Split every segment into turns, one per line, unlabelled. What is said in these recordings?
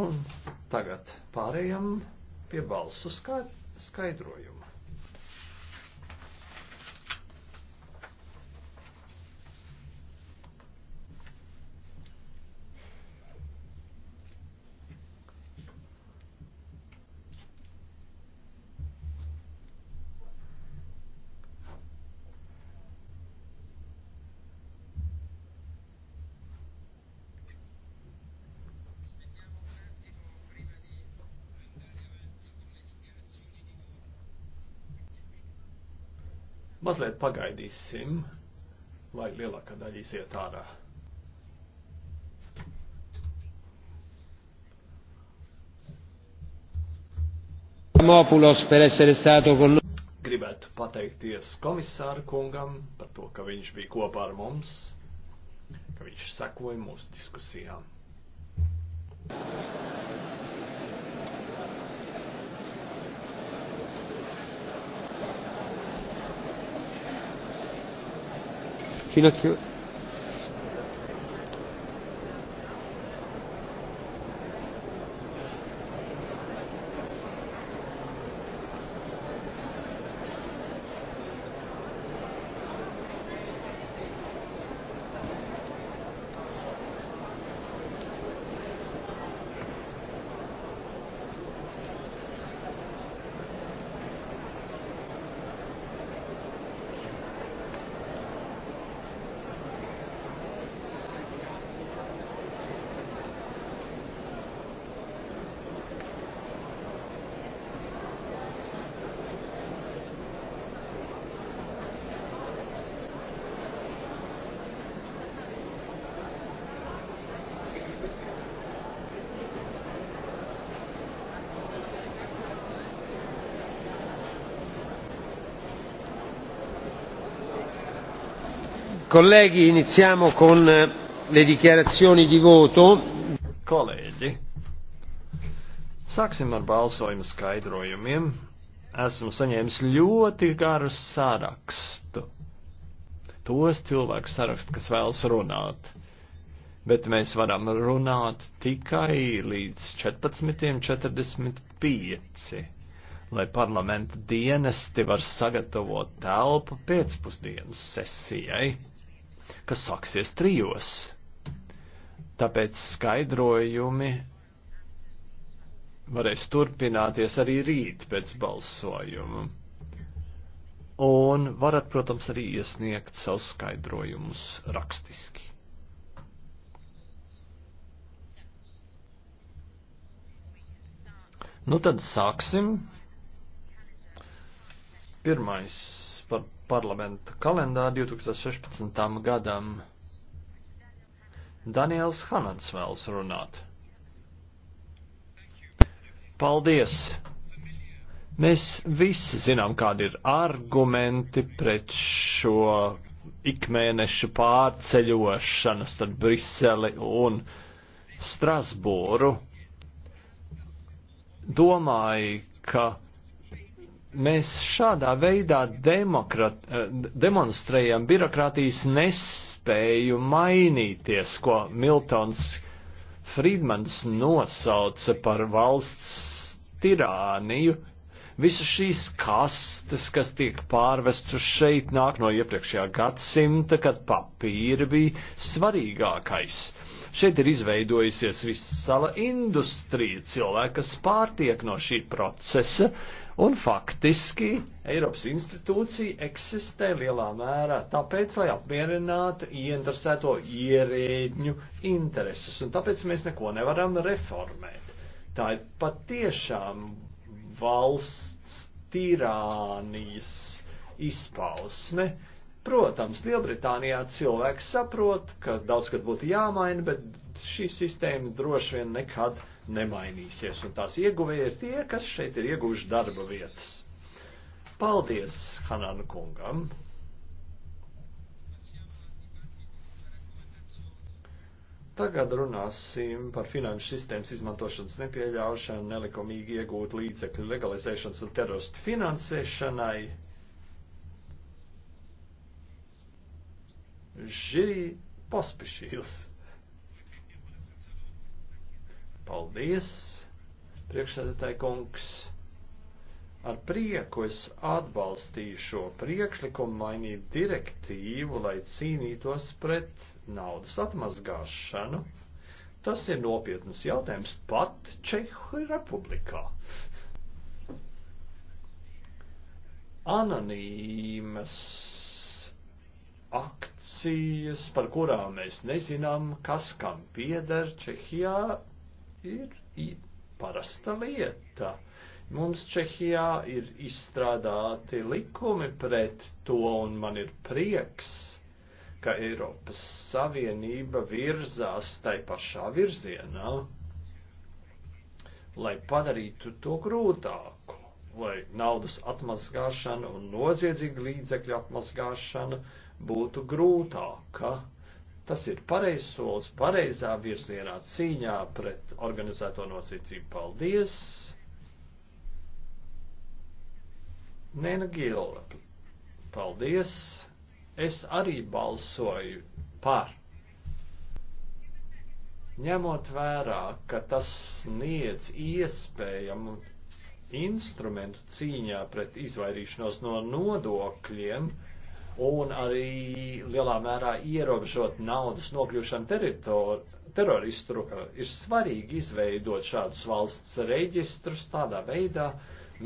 Un tagad pārējām pie balsu skaidrojuma. mazliet pagaidīsim, lai lielākā daļa iziet ārā. Gribētu pateikties komisāru kungam par to, ka viņš bija kopā ar mums, ka viņš sekoja mūsu diskusijām. Fino a che... Colleghi, iniziamo con eh, le dichiarazioni di voto. Kolēģi, sāksim ar balsojumu skaidrojumiem. Esmu saņēmis ļoti garu sarakstu. Tos cilvēku sarakstu, kas vēlas runāt. Bet mēs varam runāt tikai līdz 14.45 lai parlamenta dienesti var sagatavot telpu pēcpusdienas sesijai kas sāksies trijos. Tāpēc skaidrojumi varēs turpināties arī rīt pēc balsojuma. Un varat, protams, arī iesniegt savus skaidrojumus rakstiski. Nu tad sāksim. Pirmais parlamenta kalendāru 2016. gadam. Daniels Hanans vēlas runāt. Paldies! Mēs visi zinām, kādi ir argumenti pret šo ikmēnešu pārceļošanu starp Briseli un Strasbūru. Domāju, ka mēs šādā veidā demokrat, eh, demonstrējam birokrātijas nespēju mainīties, ko Miltons Friedmans nosauca par valsts tirāniju. Visas šīs kastes, kas tiek pārvestas šeit, nāk no iepriekšējā gadsimta, kad papīri bija svarīgākais Šeit ir izveidojusies visala industrija, cilvēki, kas pārtiek no šī procesa, un faktiski Eiropas institūcija eksistē lielā mērā tāpēc, lai apmierinātu ieinteresēto ierēģņu intereses, un tāpēc mēs neko nevaram reformēt. Tā ir patiešām valsts tirānijas izpausme. Protams, Lielbritānijā cilvēks saprot, ka daudz kas būtu jāmaina, bet šī sistēma droši vien nekad nemainīsies, un tās ieguvēja ir tie, kas šeit ir ieguvuši darba vietas. Paldies Hanan kungam! Tagad runāsim par finanšu sistēmas izmantošanas nepieļaušanu, nelikumīgi iegūt līdzekļu legalizēšanas un teroristu finansēšanai. Žiri Pospišīls. Paldies, priekšsēdētāji kungs. Ar prieku es atbalstīju šo priekšlikumu mainīt direktīvu, lai cīnītos pret naudas atmazgāšanu. Tas ir nopietnas jautājums pat Čehu republikā. Anonīmas akcijas, par kurām mēs nezinām, kas kam pieder Čehijā, ir parasta lieta. Mums Čehijā ir izstrādāti likumi pret to, un man ir prieks, ka Eiropas Savienība virzās tai pašā virzienā, lai padarītu to grūtāku, lai naudas atmazgāšana un noziedzīga līdzekļa atmazgāšana būtu grūtāka. Tas ir pareizs solis pareizā virzienā cīņā pret organizēto nosacītību. Paldies! Nēna Gila. Paldies! Es arī balsoju par. Ņemot vērā, ka tas sniedz iespējamu instrumentu cīņā pret izvairīšanos no nodokļiem, un arī lielā mērā ierobežot naudas nokļūšanu teroristu rukā. Ir svarīgi izveidot šādus valsts reģistrus tādā veidā,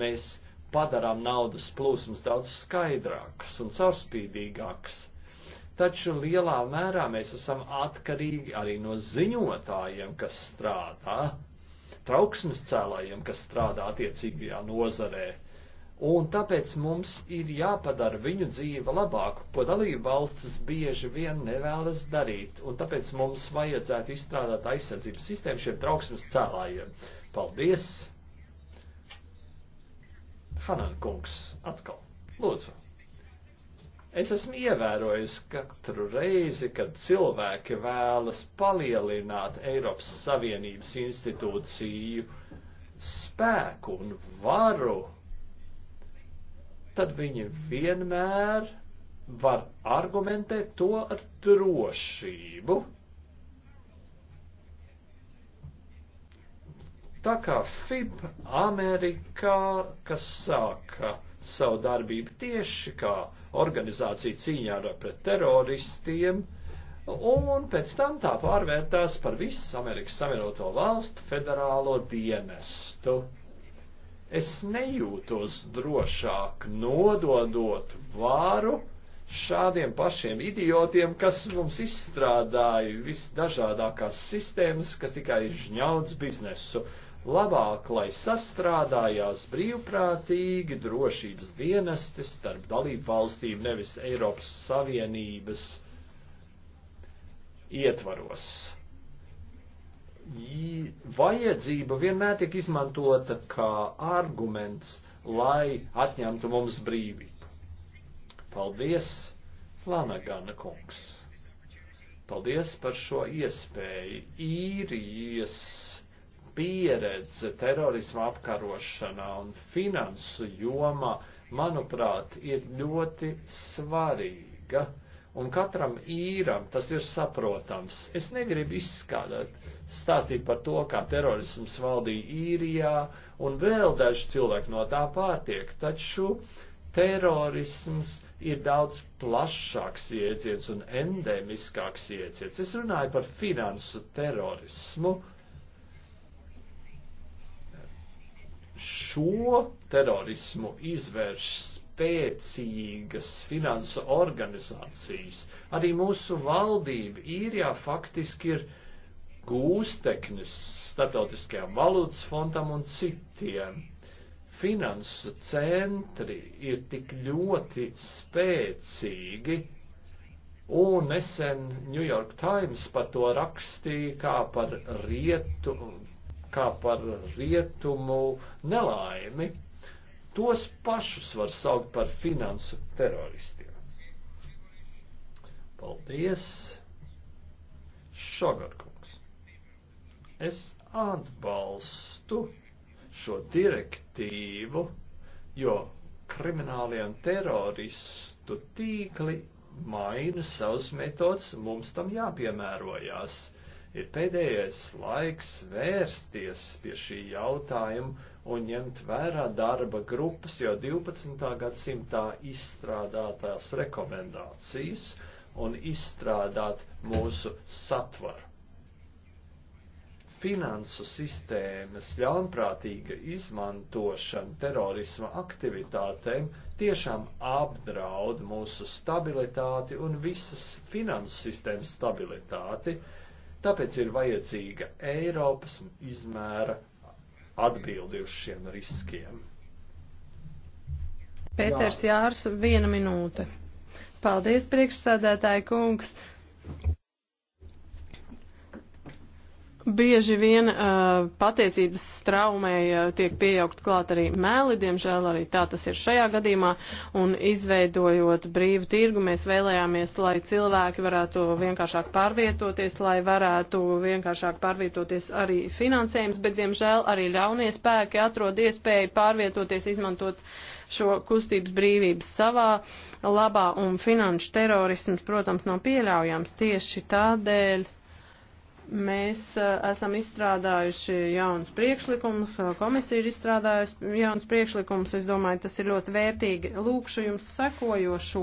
mēs padarām naudas plūsmas daudz skaidrākas un caurspīdīgākas. Taču lielā mērā mēs esam atkarīgi arī no ziņotājiem, kas strādā, trauksmes cēlājiem, kas strādā attiecīgajā nozarē un tāpēc mums ir jāpadara viņu dzīve labāku, ko dalību valstis bieži vien nevēlas darīt, un tāpēc mums vajadzētu izstrādāt aizsardzības sistēmu šiem trauksmes cēlājiem. Paldies! Hanan kungs, atkal, lūdzu. Es esmu ievērojis, ka katru reizi, kad cilvēki vēlas palielināt Eiropas Savienības institūciju spēku un varu, tad viņi vienmēr var argumentēt to ar drošību. Tā kā FIB Amerikā, kas sāka savu darbību tieši kā organizācija cīņā pret teroristiem, un pēc tam tā pārvērtās par visas Amerikas Savienoto Valstu federālo dienestu. Es nejūtos drošāk nododot vāru šādiem pašiem idiotiem, kas mums izstrādāja visdažādākās sistēmas, kas tikai žņauc biznesu. Labāk, lai sastrādājās brīvprātīgi drošības dienesti starp dalību valstīm, nevis Eiropas Savienības ietvaros vajadzība vienmēr tiek izmantota kā arguments, lai atņemtu mums brīvību. Paldies, Flanagana kungs! Paldies par šo iespēju. Īrijas pieredze terorisma apkarošanā un finansu jomā, manuprāt, ir ļoti svarīga. Un katram īram tas ir saprotams. Es negribu izskatīt stāstīja par to, kā terorisms valdīja īrijā, un vēl daži cilvēki no tā pārtiek. Taču terorisms ir daudz plašāks jēdziens un endemiskāks jēdziens. Es runāju par finansu terorismu. Šo terorismu izvērš spēcīgas finansu organizācijas. Arī mūsu valdība īrijā faktiski ir uh, gūsteknis starptautiskajām valūtas fondam un citiem. Finansu centri ir tik ļoti spēcīgi, un nesen New York Times par to rakstīja kā par, rietu, kā par rietumu nelaimi. Tos pašus var saukt par finansu teroristiem. Paldies! Šogarku. Es atbalstu šo direktīvu, jo kriminālie un teroristu tīkli maina savus metodus, mums tam jāpiemērojās. Ir pēdējais laiks vērsties pie šī jautājuma un ņemt vērā darba grupas jau 12. gadsimtā izstrādātās rekomendācijas un izstrādāt mūsu satvaru finansu sistēmas ļaunprātīga izmantošana terorisma aktivitātēm tiešām apdraud mūsu stabilitāti un visas finansu sistēmas stabilitāti, tāpēc ir vajadzīga Eiropas izmēra atbildi uz šiem riskiem.
Pēters Jā. Jārs, viena minūte. Paldies, priekšsādātāji kungs. Bieži vien uh, patiesības straumei uh, tiek pieaugt klāt arī mēli, diemžēl arī tā tas ir šajā gadījumā, un izveidojot brīvu tirgu, mēs vēlējāmies, lai cilvēki varētu vienkāršāk pārvietoties, lai varētu vienkāršāk pārvietoties arī finansējums, bet diemžēl arī ļaunie spēki atrod iespēju pārvietoties, izmantot šo kustības brīvības savā labā, un finanšu terorisms, protams, nav pieļaujams tieši tādēļ Mēs eh, esam izstrādājuši jaunus priekšlikumus, eh, komisija ir izstrādājusi jaunus priekšlikumus. Es domāju, tas ir ļoti vērtīgi. Lūkšu jums sekojošo,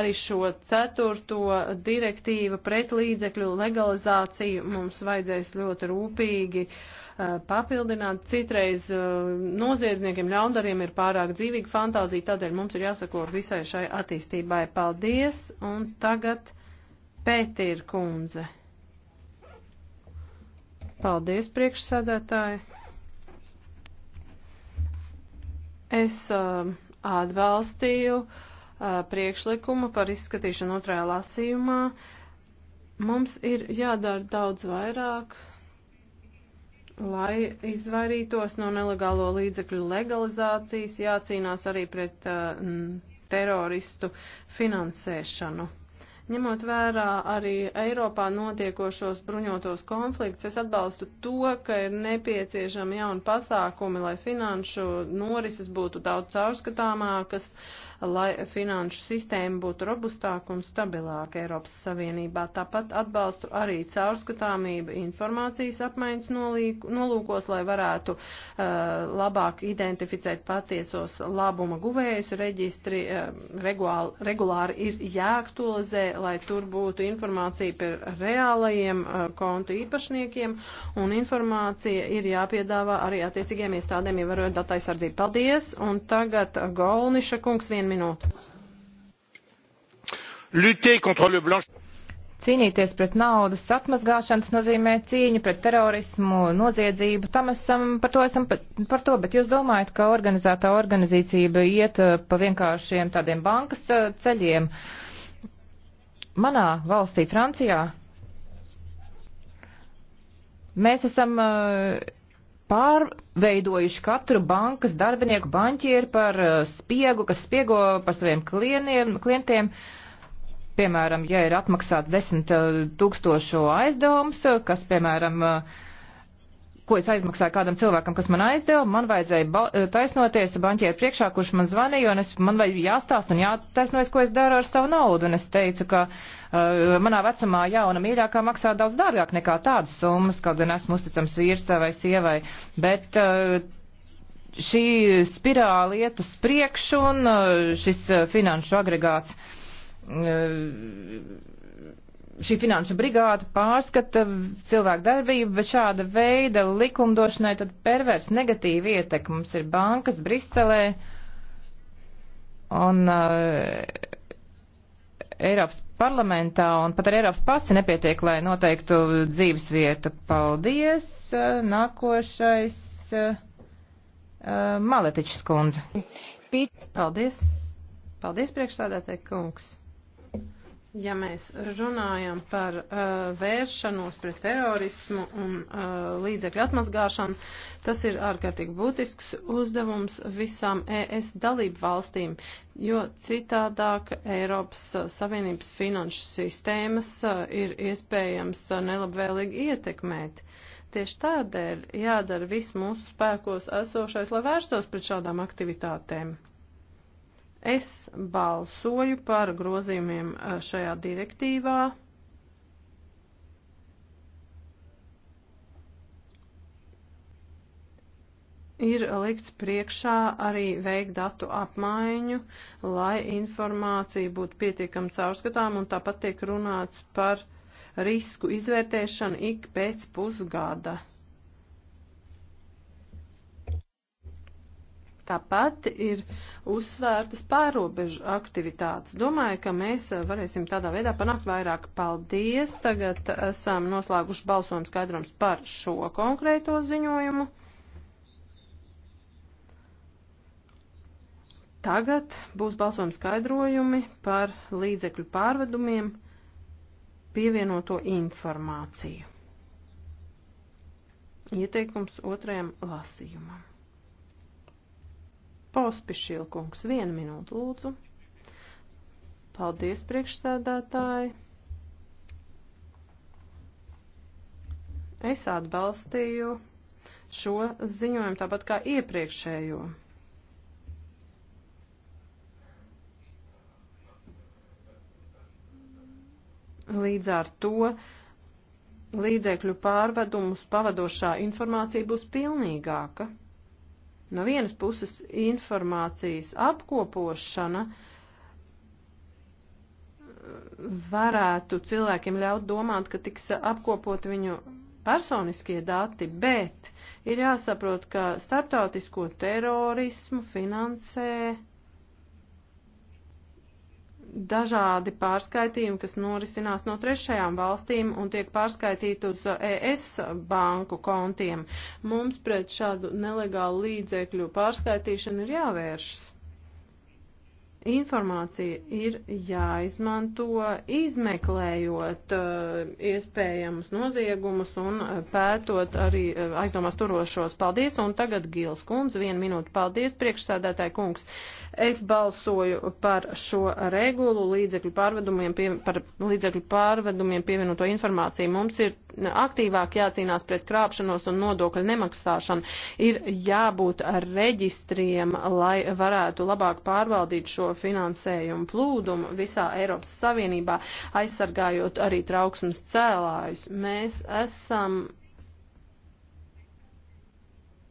arī šo ceturto direktīvu pret līdzekļu legalizāciju mums vajadzēs ļoti rūpīgi eh, papildināt. Citreiz noziedzniekiem ļaundariem ir pārāk dzīvīga fantāzija, tādēļ mums ir jāsako visai šai attīstībai. Paldies! Un tagad Pētīr kundze. Paldies, priekšsēdētāji. Es uh, atbalstīju uh, priekšlikumu par izskatīšanu otrajā lasījumā. Mums ir jādara daudz vairāk, lai izvairītos no nelegālo līdzekļu legalizācijas, jācīnās arī pret uh, teroristu finansēšanu. Ņemot vērā arī Eiropā notiekošos bruņotos konflikts, es atbalstu to, ka ir nepieciešama jauna pasākumi, lai finanšu norises būtu daudz caurskatāmākas. Uh, lai finanšu sistēma būtu robustāka un stabilāka Eiropas Savienībā. Tāpat atbalstu arī caurskatāmību informācijas apmaiņas nolūkos, lai varētu uh, labāk identificēt patiesos labuma guvējus. Reģistri uh, regulāri, regulāri ir jāaktualizē, lai tur būtu informācija par reālajiem uh, kontu īpašniekiem un informācija ir jāpiedāvā arī attiecīgiem iestādēm, ievērojot datu aizsardzību. Paldies! Un tagad Golniša
kungs vien vienu
minūtu.
Cīnīties pret naudas atmazgāšanas nozīmē cīņu pret terorismu, noziedzību, tam esam, par to esam par to, bet jūs domājat, ka organizētā organizīcība iet eh, pa vienkāršiem tādiem bankas eh, ceļiem. Manā valstī, Francijā, mēs esam uh, pārveidojuši katru bankas darbinieku banķieri par eh, spiegu, kas spiego par saviem klieniem, klientiem. Piemēram, ja ir atmaksāts desmit eh, tūkstošu aizdevums, eh, kas, piemēram, uh, ko es aizmaksāju kādam cilvēkam, kas man aizdeva, man vajadzēja eh, taisnoties banķieru priekšā, kurš man zvanīja, un es, man vajag jāstāst un jātaisnojas, ko es daru ar savu naudu. Un es teicu, ka uh, manā vecumā jauna mīļākā maksā daudz dārgāk nekā tādas summas, kaut gan esmu uzticams vīrs vai sievai. Bet, uh, Šī spirāli iet uz priekšu un uh, šis finanšu agregāts uh, šī finanšu brigāta pārskata cilvēku darbību, bet šāda veida likumdošanai tad pervers negatīvi ietek. Mums ir bankas Briselē un uh, Eiropas parlamentā un pat ar Eiropas pasi nepietiek, lai noteiktu dzīves vietu. Paldies! Uh, nākošais uh, uh Maletičs kundze.
Paldies! Paldies, priekšsādātāji kungs! Ja mēs runājam par uh, vēršanos pret terorismu un uh, līdzekļu atmazgāšanu, tas ir ārkārtīgi būtisks uzdevums visām ES dalību valstīm, jo citādāk Eiropas uh, Savienības finanšu sistēmas uh, ir iespējams uh, nelabvēlīgi ietekmēt. Tieši tādēļ jādara viss mūsu spēkos esošais, lai vērstos pret šādām aktivitātēm. Es balsoju par grozījumiem eh, šajā direktīvā. ir likts priekšā arī veikt datu apmaiņu, lai informācija būtu pietiekami caurskatām, un tāpat tiek runāts par risku izvērtēšanu ik pēc pusgada. Tāpat ir uzsvērtas pārobežu aktivitātes. Domāju, ka mēs eh, varēsim tādā veidā panākt vairāk. Paldies! Tagad esam noslēguši balsojumu skaidrums par šo konkrēto ziņojumu. Tagad būs balsojuma skaidrojumi par līdzekļu pārvedumiem pievienoto informāciju. Ieteikums otrajam lasījumam. Pauspišilkungs, vienu minūtu lūdzu. Paldies, priekšsēdētāji. Es atbalstīju šo ziņojumu tāpat kā iepriekšējo. Līdz ar to līdzekļu pārvedumus pavadošā informācija būs pilnīgāka. No vienas puses informācijas apkopošana eh, varētu cilvēkiem ļaut domāt, ka tiks apkopot viņu personiskie dati, bet ir jāsaprot, ka starptautisko terorismu finansē dažādi pārskaitījumi, kas norisinās no trešajām valstīm un tiek pārskaitīti uz ES banku kontiem. Mums pret šādu nelegālu līdzekļu pārskaitīšanu ir jāvēršas. Informācija ir jāizmanto izmeklējot uh, iespējamus noziegumus un uh, pētot arī uh, aizdomās turošos. Paldies, un tagad Gils kundze, vienu minūtu paldies, priekšsēdētāji kungs. Es balsoju par šo regulu līdzekļu pārvedumiem, pie, par līdzekļu pārvedumiem pievienoto informāciju. Mums ir aktīvāk jācīnās pret krāpšanos un nodokļu nemaksāšanu. Ir jābūt reģistriem, lai varētu labāk pārvaldīt šo finansējumu plūdumu visā Eiropas Savienībā, aizsargājot arī trauksmes cēlājus. Mēs esam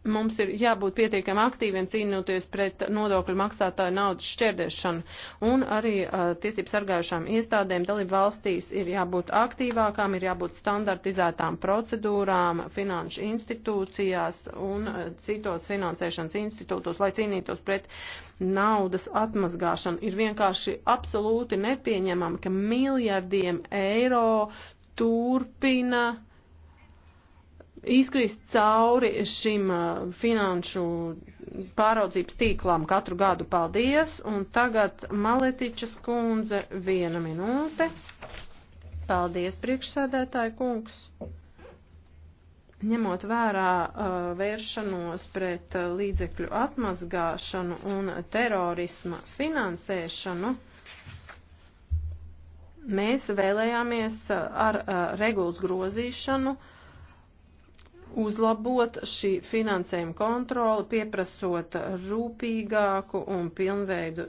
Mums ir jābūt pietiekami aktīviem cīnoties pret nodokļu maksātāju naudas šķērdēšanu, un arī uh, tiesību sargājušām iestādēm dalību valstīs ir jābūt aktīvākām, ir jābūt standartizētām procedūrām finanšu institūcijās un uh, citos finansēšanas institūtos, lai cīnītos pret naudas atmazgāšanu. Ir vienkārši absolūti nepieņemami, ka miljardiem eiro turpina izkrist cauri šim uh, finanšu pāraudzības tīklām katru gadu. Paldies! Un tagad Maletičas kundze viena minūte. Paldies, priekšsēdētāji kungs! ņemot vērā uh, vēršanos pret uh, līdzekļu atmazgāšanu un terorisma finansēšanu, mēs vēlējāmies uh, ar uh, regulas grozīšanu uh, uzlabot šī finansējuma kontroli, pieprasot rūpīgāku un pilnveidu,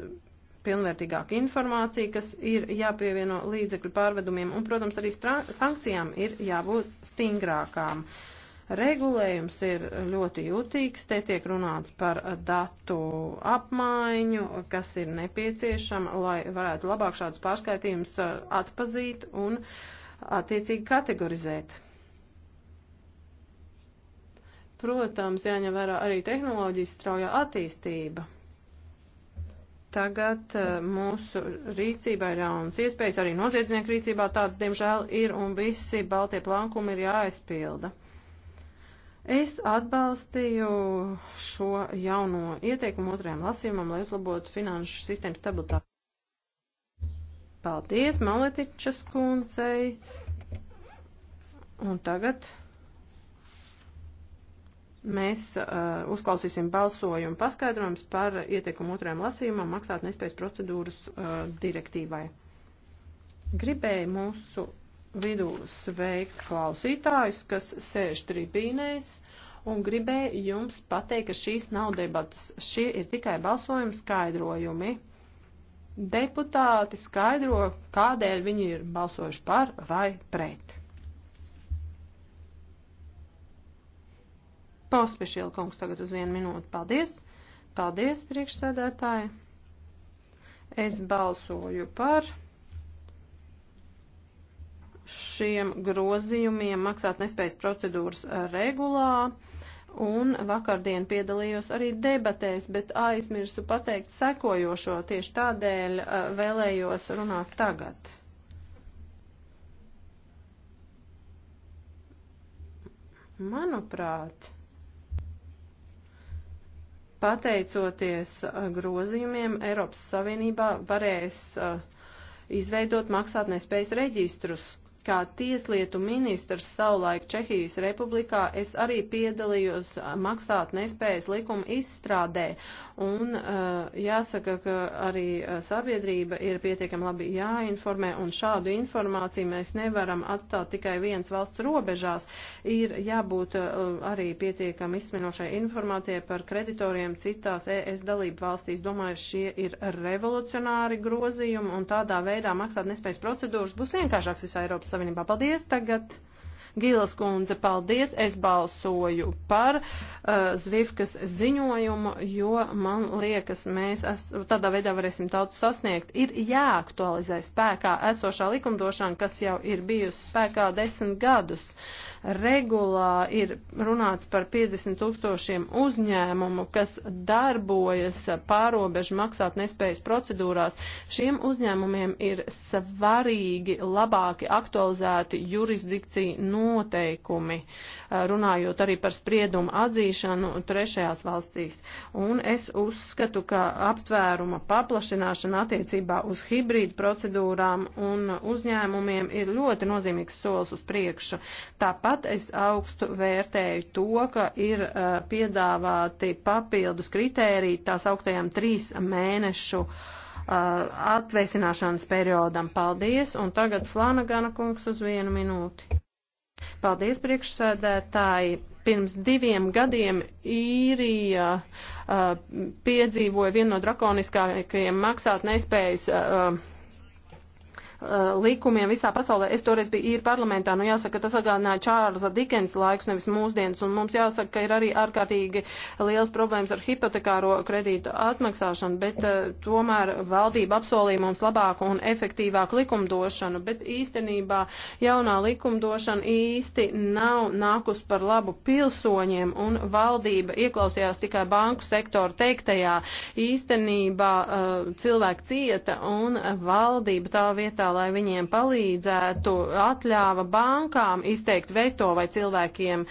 pilnvērtīgāku informāciju, kas ir jāpievieno līdzekļu pārvedumiem, un, protams, arī sankcijām ir jābūt stingrākām. Regulējums ir ļoti jūtīgs, te tiek runāts par datu apmaiņu, kas ir nepieciešama, lai varētu labāk šādus pārskaitījumus uh, atpazīt un attiecīgi kategorizēt. Protams, jāņem vērā arī tehnoloģijas straujā attīstība. Tagad uh, mūsu rīcībā ir jauns iespējas, arī noziedznieku rīcībā tāds, diemžēl, ir, un visi baltie plankumi ir jāaizpilda. Es atbalstīju šo jauno ieteikumu otrajam lasījumam, lai uzlabotu finanšu sistēmu stabilitāti. Paldies Maletičas kundzei. Un tagad Mēs uh, uzklausīsim balsojumu paskaidrojums par ieteikumu otrajam lasījumam maksāt nespējas procedūras uh, direktīvai. Gribēju mūsu vidū sveikt klausītājus, kas sēž tribīnēs, un gribēju jums pateikt, ka šīs nav debatas, šie ir tikai balsojuma skaidrojumi. Deputāti skaidro, kādēļ viņi ir balsojuši par vai pret. Pauspišiela kungs tagad uz vienu minūti. Paldies! Paldies, priekšsēdētāji! Es balsoju par šiem grozījumiem maksāt nespējas procedūras regulā. Un vakardien piedalījos arī debatēs, bet aizmirsu pateikt sekojošo, tieši tādēļ vēlējos runāt tagad. Manuprāt, Pateicoties uh, grozījumiem, Eiropas Savienībā varēs uh, izveidot maksātnespējas reģistrus. Kā tieslietu ministrs savulaik Čehijas republikā es arī piedalījos maksāt nespējas likuma izstrādē. Un uh, jāsaka, ka arī eh, sabiedrība ir pietiekami labi jāinformē, un šādu informāciju mēs nevaram atstāt tikai viens valsts robežās. Ir jābūt uh, arī pietiekami izsminošai informācijai par kreditoriem citās ES dalību valstīs. Domāju, šie ir revolucionāri grozījumi, un tādā veidā maksāt nespējas procedūras būs vienkāršāks visā Eiropas Eiropas Savienībā. Paldies tagad! Gīlas kundze, paldies, es balsoju par uh, Zvifkas ziņojumu, jo man liekas, mēs es, tādā veidā varēsim tautu sasniegt. Ir jāaktualizē spēkā esošā likumdošana, kas jau ir bijusi spēkā desmit gadus. Uh, Regulā ir runāts par 50 tūkstošiem uzņēmumu, kas darbojas pārobežu maksāt nespējas procedūrās. Šiem uzņēmumiem ir svarīgi labāki aktualizēti jurisdikcija noteikumi, eh, runājot arī par spriedumu atzīšanu trešajās valstīs. Un es uzskatu, ka aptvēruma paplašināšana attiecībā uz hibrīdu procedūrām un uzņēmumiem ir ļoti nozīmīgs solis uz priekšu. Tāpat Tāpat es augstu vērtēju to, ka ir uh, piedāvāti papildus kritēriji tās augtajām trīs mēnešu uh, atvēsināšanas periodam. Paldies, un tagad Flanagana kungs uz vienu minūti. Paldies, priekšsēdētāji pirms diviem gadiem īrija uh, piedzīvoja vienu no drakoniskākajiem maksāt nespējas uh, Eh, likumiem visā pasaulē. Es toreiz biju īri parlamentā, nu jāsaka, tas atgādināja Čārlza Dikens laiks, nevis mūsdienas, un mums jāsaka, ka ir arī ārkārtīgi liels problēmas ar hipotekāro kredītu atmaksāšanu, bet uh, tomēr valdība apsolīja mums labāku un efektīvāku likumdošanu, bet īstenībā jaunā likumdošana īsti nav nākus par labu pilsoņiem, un valdība ieklausījās tikai banku sektoru teiktajā. Īstenībā uh, cilvēki cieta, un valdība tā vietā lai viņiem palīdzētu, atļāva bankām izteikt veto, vai cilvēkiem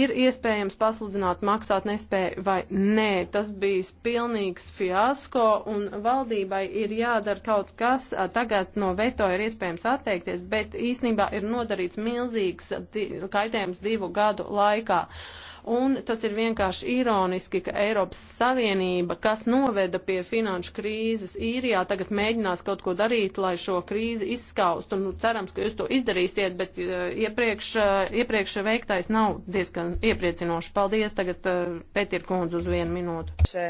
ir iespējams pasludināt maksāt nespēju vai nē. Tas bija pilnīgs fiasko, un valdībai ir jādara kaut kas. Tagad no veto ir iespējams atteikties, bet īstenībā ir nodarīts milzīgs kaitējums divu gadu laikā. Uh, Un tas ir vienkārši ironiski, ka Eiropas Savienība, kas noveda pie finanšu krīzes īrijā, tagad mēģinās kaut ko darīt, lai šo krīzi izskaust. Un nu, cerams, ka jūs to izdarīsiet, bet uh, iepriekš, uh, iepriekš veiktais nav diezgan iepriecinoši. Paldies. Tagad
uh, Pētir Kundze uz vienu minūtu.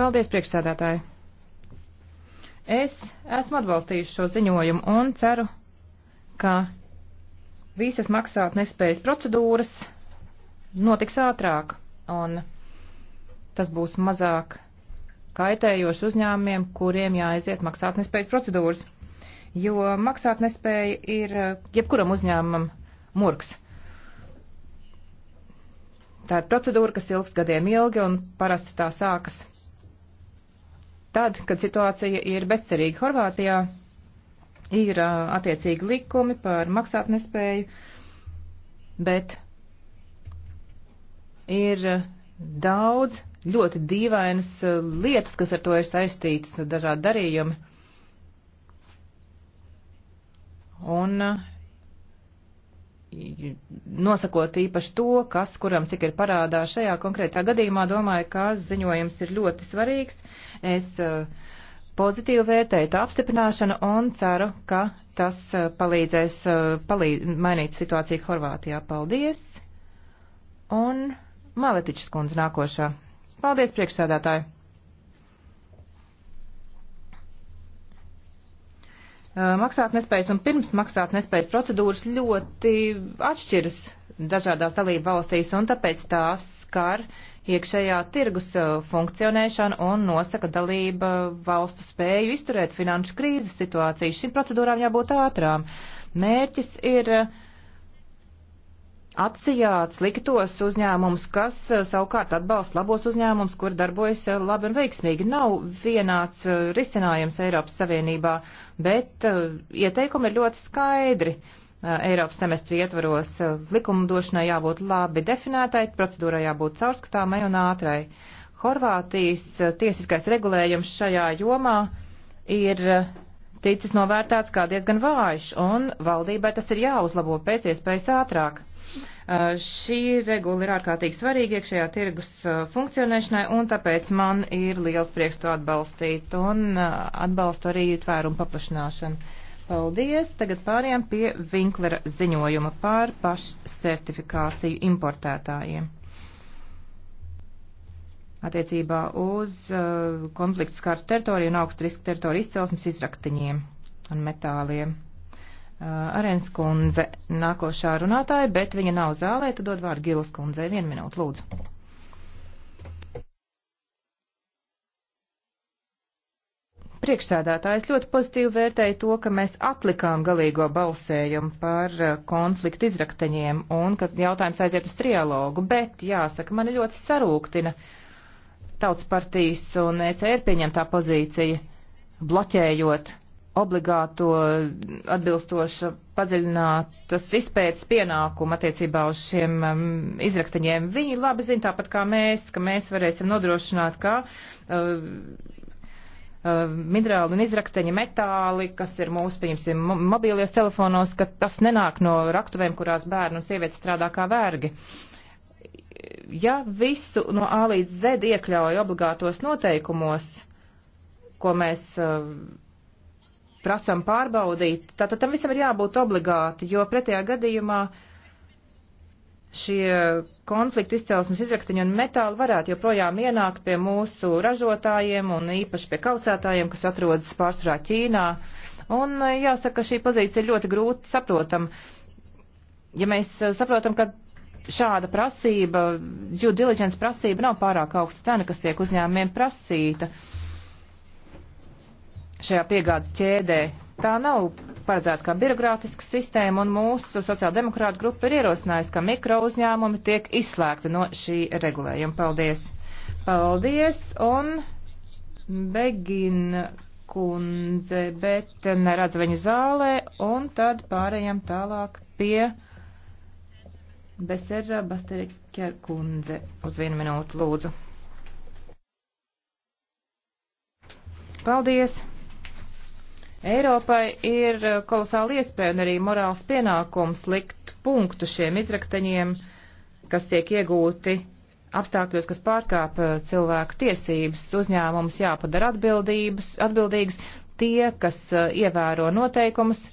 Paldies, priekšsēdētāji. Es esmu atbalstījis šo ziņojumu un ceru, ka visas maksātnespējas procedūras notiks ātrāk, un tas būs mazāk kaitējoši uzņēmumiem, kuriem jāaiziet maksātnespējas procedūras, jo maksātnespēja ir eh, jebkuram uzņēmumam murgs. Tā ir procedūra, kas ilgs gadiem ilgi un parasti tā sākas tad, kad situācija ir bezcerīga Horvātijā, ir eh, attiecīgi likumi par maksātnespēju, bet ir eh, daudz ļoti dīvainas eh, lietas, kas ar to ir saistītas, dažādi darījumi. Un eh, nosakot īpaši to, kas kuram cik ir parādā šajā konkrētā gadījumā, domāju, ka ziņojums ir ļoti svarīgs. Es pozitīvi vērtēju tā apstiprināšanu un ceru, ka tas palīdzēs palīd, mainīt situāciju Horvātijā. Paldies! Un Maletičs kundze nākošā. Paldies, priekšsēdētāji! Maksātnespējas un pirms maksātnespējas procedūras ļoti atšķiras dažādās dalību valstīs, un tāpēc tās skar iekšējā tirgus funkcionēšanu un nosaka dalība valstu spēju izturēt finanšu krīzes situāciju. Šīm procedūrām jābūt ātrām. Mērķis ir uh, atsijāt sliktos uzņēmumus, kas eh, savukārt atbalsta labos uzņēmumus, kur darbojas eh, labi un veiksmīgi. Nav vienāds eh, risinājums Eiropas Savienībā, bet ieteikumi ir ļoti skaidri. Eiropas semestri ietvaros likumdošanai jābūt labi definētai, procedūrai jābūt caurskatāmai un ātrai. Horvātijas tiesiskais regulējums šajā jomā ir ticis novērtēts kā diezgan vājš, un valdībai tas ir jāuzlabo pēc iespējas ātrāk. Uh, šī regula ir ārkārtīgi svarīga iekšējā tirgus uh, funkcionēšanai, un tāpēc man ir liels prieks to atbalstīt, un uh, atbalstu arī tvērumu paplašināšanu. Paldies! Tagad pārējām pie Vinklera ziņojuma pār pašsertifikāciju importētājiem. Attiecībā uz uh, konfliktu skārtu teritoriju un augstu risku teritoriju izcelsmes izraktiņiem un metāliem. Uh, Arēns kundze nākošā runātāja, bet viņa nav zālē, tad dod vārdu Gilas kundzei. Vienu minūtu, lūdzu. Priekšsēdētājs ļoti pozitīvi vērtēja to, ka mēs atlikām galīgo balsējumu par uh, konfliktu izrakteņiem un ka jautājums aiziet uz trialogu, bet jāsaka, mani ļoti sarūktina Tautas partijas un ECR pieņemtā pozīcija, bloķējot obligāto atbilstoša padziļinātas izpētes pienākumu attiecībā uz šiem um, izraktaņiem. Viņi labi zina tāpat kā mēs, ka mēs varēsim nodrošināt, ka uh, uh, minerāli un izraktaņi metāli, kas ir mūsu, pieņemsim, mobīlies telefonos, ka tas nenāk no raktuvēm, kurās bērni un sievietes strādā kā vergi. Ja visu no A līdz Z iekļauj obligātos noteikumos, ko mēs uh, prasam pārbaudīt. Tātad tam visam ir jābūt obligāti, jo pretējā gadījumā šie konfliktu izcelsmes izraktiņi un metāli varētu joprojām ienākt pie mūsu ražotājiem un īpaši pie kausētājiem, kas atrodas pārsvarā Ķīnā. Un eh, jāsaka, šī pozīcija ir ļoti grūti saprotama. Ja mēs eh, saprotam, ka šāda prasība, due diligence prasība nav pārāk augsta cena, kas tiek uzņēmumiem prasīta. Uh, šajā piegādes ķēdē. Tā nav paredzēta kā birokrātiska sistēma, un mūsu sociāldemokrāta grupa ir ierosinājusi, ka mikro uzņēmumi tiek izslēgti no šī regulējuma. Paldies! Paldies! Un Begina kundze, bet neredz viņu zālē, un tad pārējām tālāk pie Beserra Basterikķer kundze. Uz vienu minūtu lūdzu. Paldies! Eiropai ir eh, kolosāla iespēja un arī morāls pienākums likt punktu šiem izraktaņiem, kas tiek iegūti apstākļos, kas pārkāp eh, cilvēku tiesības. Uzņēmums jāpadara atbildīgas, tie, kas eh, ievēro noteikumus,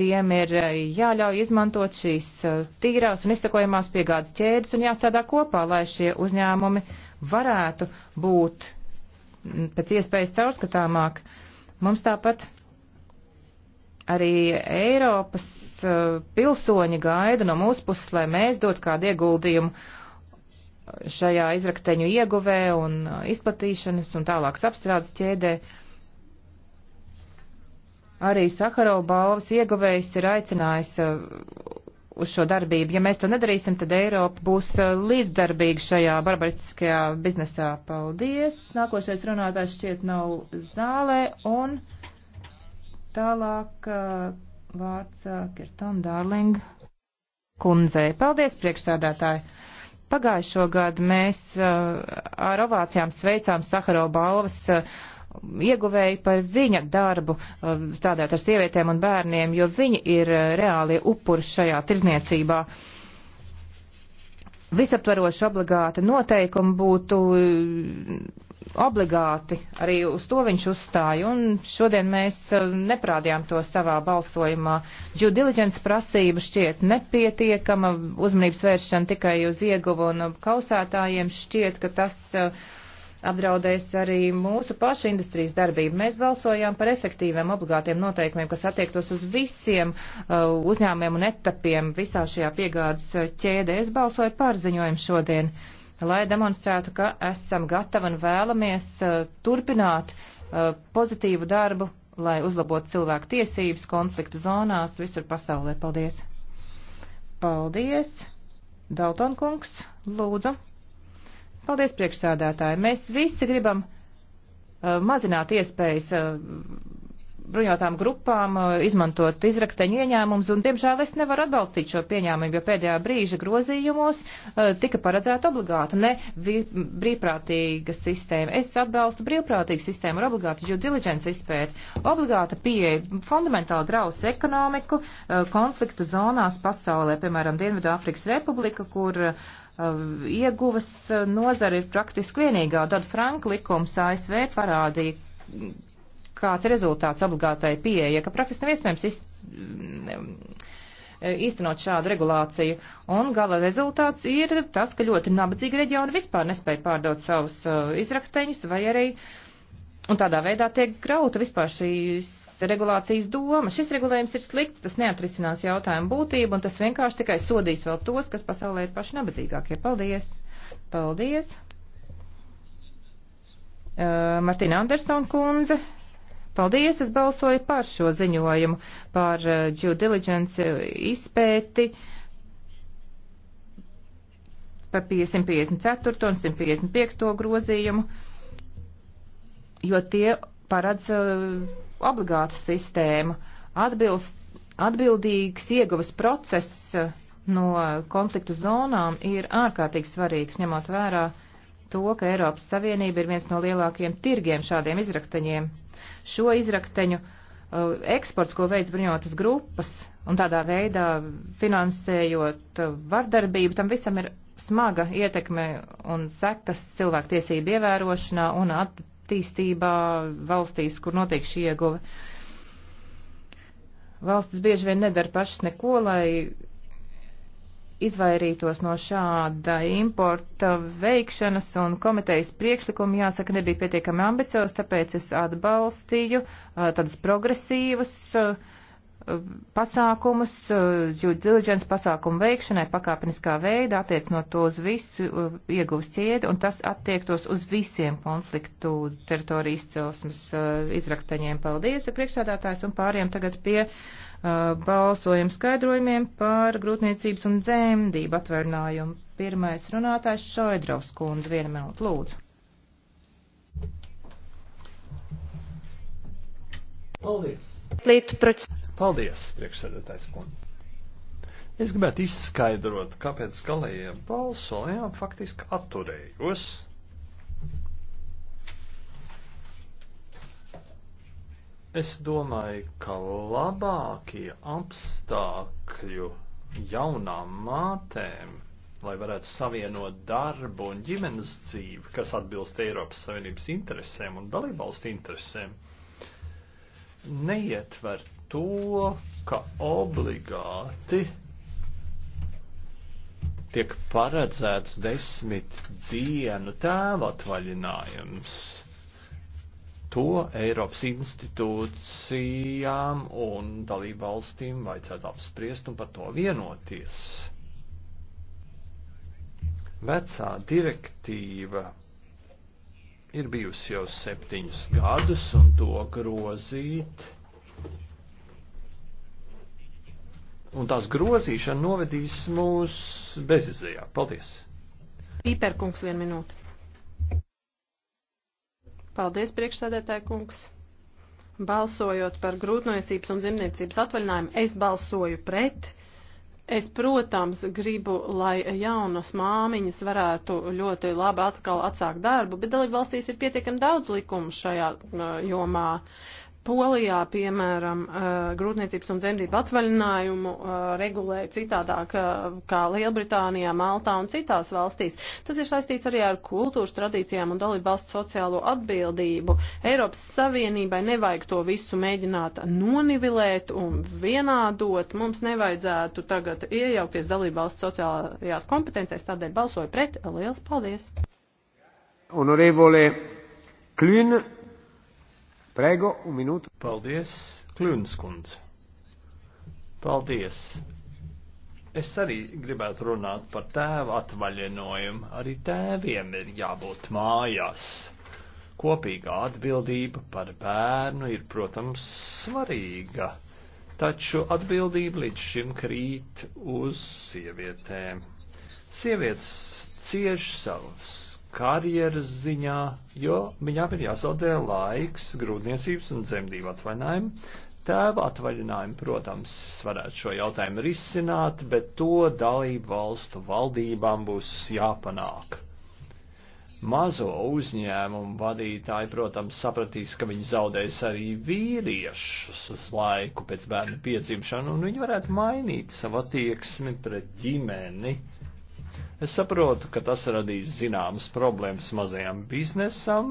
tiem ir jāļauj izmantot šīs tīrās un izsakojamās piegādes ķēdes un jāstrādā kopā, lai šie uzņēmumi varētu būt mm, pēc iespējas caurskatāmāk. Uh, Mums tāpat arī Eiropas eh, pilsoņi gaida no mūsu puses, lai mēs dot kādu ieguldījumu šajā izrakteņu ieguvē un eh, izplatīšanas un tālākas apstrādes ķēdē. Arī Sakarau balvas ieguvējs ir aicinājis eh, uz šo darbību. Ja mēs to nedarīsim, tad Eiropa būs uh, līdzdarbīga šajā barbariskajā biznesā. Paldies! Nākošais runātājs šķiet nav zālē un tālāk uh, vārds uh, Kirton Dārling kundzei. Paldies, priekšstādātāji! Pagājušo gadu mēs ar ovācijām sveicām Saharo balvas ieguvēji par viņa darbu um, strādāt ar sievietēm un bērniem, jo viņi ir uh, reālie upuri šajā tirzniecībā. Visaptvaroši obligāti noteikumi būtu uh, obligāti, arī uz to viņš uzstāja, un šodien mēs uh, neprādījām to savā balsojumā. Due diligence prasība šķiet nepietiekama, uzmanības vēršana tikai uz ieguvu un kausētājiem šķiet, ka tas uh, apdraudēs arī mūsu pašu industrijas darbību. Mēs balsojām par efektīviem obligātiem noteikumiem, kas attiektos uz visiem uh, uzņēmumiem un etapiem visā šajā piegādes uh, ķēdē. Es balsoju pārziņojumu šodien, lai demonstrētu, ka esam gatavi un vēlamies uh, turpināt uh, pozitīvu darbu, lai uzlabotu cilvēku tiesības konfliktu zonās visur pasaulē. Paldies! Paldies! Daltonkungs, lūdzu! Paldies, priekšsādātāji. Mēs visi gribam uh, mazināt iespējas uh, bruņotām grupām uh, izmantot izrakteņu ieņēmumus, un, diemžēl, es nevaru atbalstīt šo pieņēmumu, jo pēdējā brīža grozījumos uh, tika paredzēta obligāta, ne brīvprātīga sistēma. Es atbalstu brīvprātīgu sistēmu ar obligātu due diligence izpēti. Obligāta pieeja fundamentāli draus ekonomiku uh, konfliktu zonās pasaulē, piemēram, Dienvidāfrikas Republika, kur uh, Eh, ieguvas eh, nozara ir praktiski vienīgā, un tad Franka likums ASV parādīja, mm, kāds ir rezultāts obligātai pieeja, ka praktiski nav iespējams iz, mm, eh, īstenot šādu regulāciju. Un gala rezultāts ir tas, ka ļoti nabadzīgi reģioni vispār nespēja pārdot savus uh, izrakteņus vai arī. Un tādā veidā tiek grauta vispār šīs regulācijas doma. Šis regulējums ir slikts, tas neatrisinās jautājumu būtību, un tas vienkārši tikai sodīs vēl tos, kas pasaulē ir paši nabadzīgākie. Paldies! Paldies! Uh, Martina Andersona kundze. Paldies, es balsoju par šo ziņojumu, par uh, due diligence uh, izpēti. Uh, par 154 un 155 grozījumu, jo tie paredz uh, obligātu sistēmu, atbilst, atbildīgs ieguvas process uh, no konfliktu zonām ir ārkārtīgi svarīgs, ņemot vērā to, ka Eiropas Savienība ir viens no lielākajiem tirgiem šādiem izrakteņiem. Šo izrakteņu uh, eksports, ko veids bruņotas grupas, un tādā veidā finansējot uh, vardarbību, tam visam ir smaga ietekme un sekas cilvēktiesību ievērošanā un at attīstībā valstīs, kur notiek šī ieguve. Valstis bieži vien nedara pašas neko, lai izvairītos no šāda importa veikšanas, un komitejas priekšlikumi, jāsaka, nebija pietiekami ambiciozi, tāpēc es atbalstīju tādus progresīvus uh, pasākumus, eh, due diligence pasākumu veikšanai pakāpeniskā veidā, attiecinot to uz visu eh, ieguvas ķēdi, un tas attiektos uz visiem konfliktu teritoriju izcelsmes eh, izraktaņiem. Paldies, priekšsādātājs, un pāriem tagad pie uh, balsojuma skaidrojumiem par grūtniecības un dzemdību atvaļinājumu. Pirmais runātājs Šoidrovs kundze, viena minūte, lūdzu.
Paldies!
Paldies, priekšsēdētājs kundze. Es gribētu izskaidrot, kāpēc galējiem balsojām faktiski atturējos. Es domāju, ka labākie apstākļu jaunām mātēm, lai varētu savienot darbu un ģimenes dzīvi, kas atbilst Eiropas Savienības interesēm un dalībvalstu interesēm, neietver to, ka obligāti tiek paredzēts desmit dienu tēva atvaļinājums. To Eiropas institūcijām un dalībvalstīm vajadzētu apspriest un par to vienoties. Vecā direktīva ir bijusi jau septiņus gadus, un to grozīt un tās grozīšana novedīs mūs bezizējā. Paldies!
Pīperkungs vien minūte. Paldies, priekšsēdētāja kungs! Balsojot par grūtniecības un dzimniecības atvaļinājumu, es balsoju pret. Es, protams, gribu, lai jaunas māmiņas varētu ļoti labi atkal atsākt darbu, bet dalību valstīs ir pietiekami daudz likumu šajā uh, jomā. Uh, Polijā, piemēram, eh, grūtniecības un dzemdību atvaļinājumu eh, regulēja citādāk eh, kā Lielbritānijā, Maltā un citās valstīs. Tas ir saistīts arī ar kultūras tradīcijām un dalību valstu sociālo atbildību. Eiropas Savienībai nevajag to visu mēģināt nonivilēt un vienādot. Mums nevajadzētu tagad iejaukties dalību valstu sociālajās kompetencēs, tādēļ balsoju pret. Liels paldies!
Honorevole Klün, Prego, un minūte. Paldies, Kļūnas kundze. Paldies. Es arī gribētu runāt par tēva atvaļinājumu. Arī tēviem ir jābūt mājās. Kopīgā atbildība par bērnu ir, protams, svarīga, taču atbildība līdz šim krīt uz sievietēm. Sievietes cieš savus karjeras ziņā, jo viņām ir jāsaudē laiks grūtniecības un dzemdību atvaļinājumu. Tēva atvaļinājumu, protams, varētu šo jautājumu risināt, bet to dalību valstu valdībām būs jāpanāk. Mazo uzņēmumu vadītāji, protams, sapratīs, ka viņi zaudēs arī vīriešus uz laiku pēc bērna piedzimšanu, un viņi varētu mainīt savu attieksmi pret ģimeni. Es saprotu, ka tas radīs zināmas problēmas mazajam biznesam,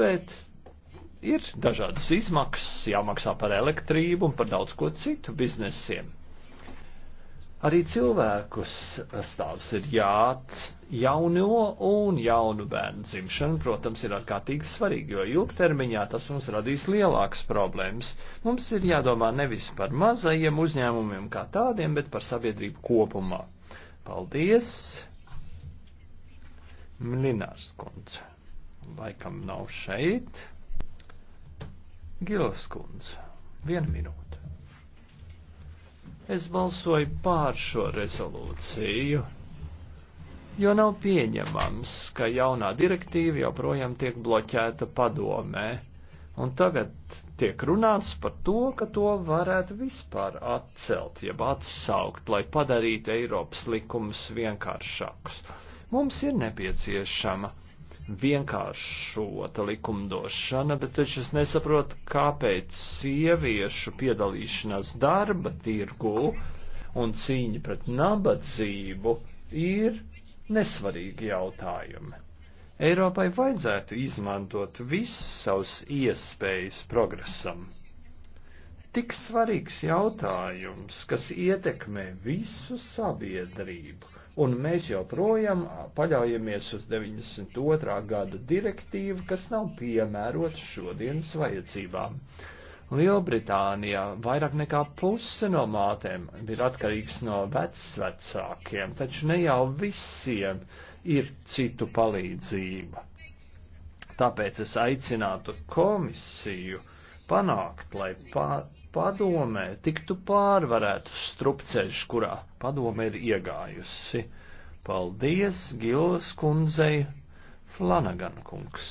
bet ir dažādas izmaksas, jāmaksā par elektrību un par daudz ko citu biznesiem. Arī cilvēkus stāvs ir jāatjauno un jaunu bērnu dzimšana, protams, ir ārkārtīgi svarīgi, jo ilgtermiņā tas mums radīs lielākas problēmas. Mums ir jādomā nevis par mazajiem uzņēmumiem kā tādiem, bet par sabiedrību kopumā. Paldies! Linārs kundze. Laikam nav šeit. Gilas kundze. Vienu minūtu. Es balsoju pār šo rezolūciju, jo nav pieņemams, ka jaunā direktīva joprojām tiek bloķēta padomē. Un tagad tiek runāts par to, ka to varētu vispār atcelt, jeb atsaukt, lai padarītu Eiropas likumus vienkāršākus. Mums ir nepieciešama vienkāršota likumdošana, bet taču es nesaprotu, kāpēc sieviešu piedalīšanās darba tirgu un cīņa pret nabadzību ir nesvarīgi jautājumi. Eiropai vajadzētu izmantot visas savas iespējas progresam. Tik svarīgs jautājums, kas ietekmē visu sabiedrību un mēs joprojām paļaujamies uz 92. gada direktīvu, kas nav piemērots šodienas vajadzībām. Lielbritānijā vairāk nekā puse no mātēm ir atkarīgs no vecvecākiem, taču ne jau visiem ir citu palīdzība. Tāpēc es aicinātu komisiju panākt, lai pat padomē tiktu pārvarētu strupceļš, kurā padome ir iegājusi. Paldies, Gilas kundzei, Flanagan kungs.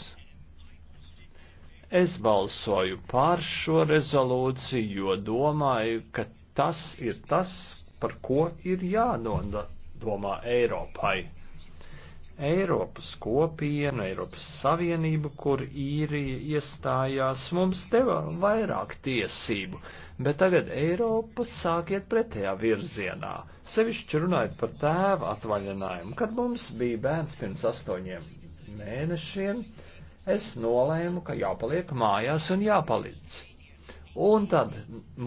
Es balsoju pār šo rezolūciju, jo domāju, ka tas ir tas, par ko ir jānodomā Eiropai Eiropas kopienu, Eiropas Savienību, kur īrija iestājās, mums deva vairāk tiesību, bet tagad Eiropa sākiet pretējā virzienā. Sevišķi runājot par tēva atvaļinājumu, kad mums bija bērns pirms astoņiem mēnešiem, es nolēmu, ka jāpaliek mājās un jāpalīdz. Un tad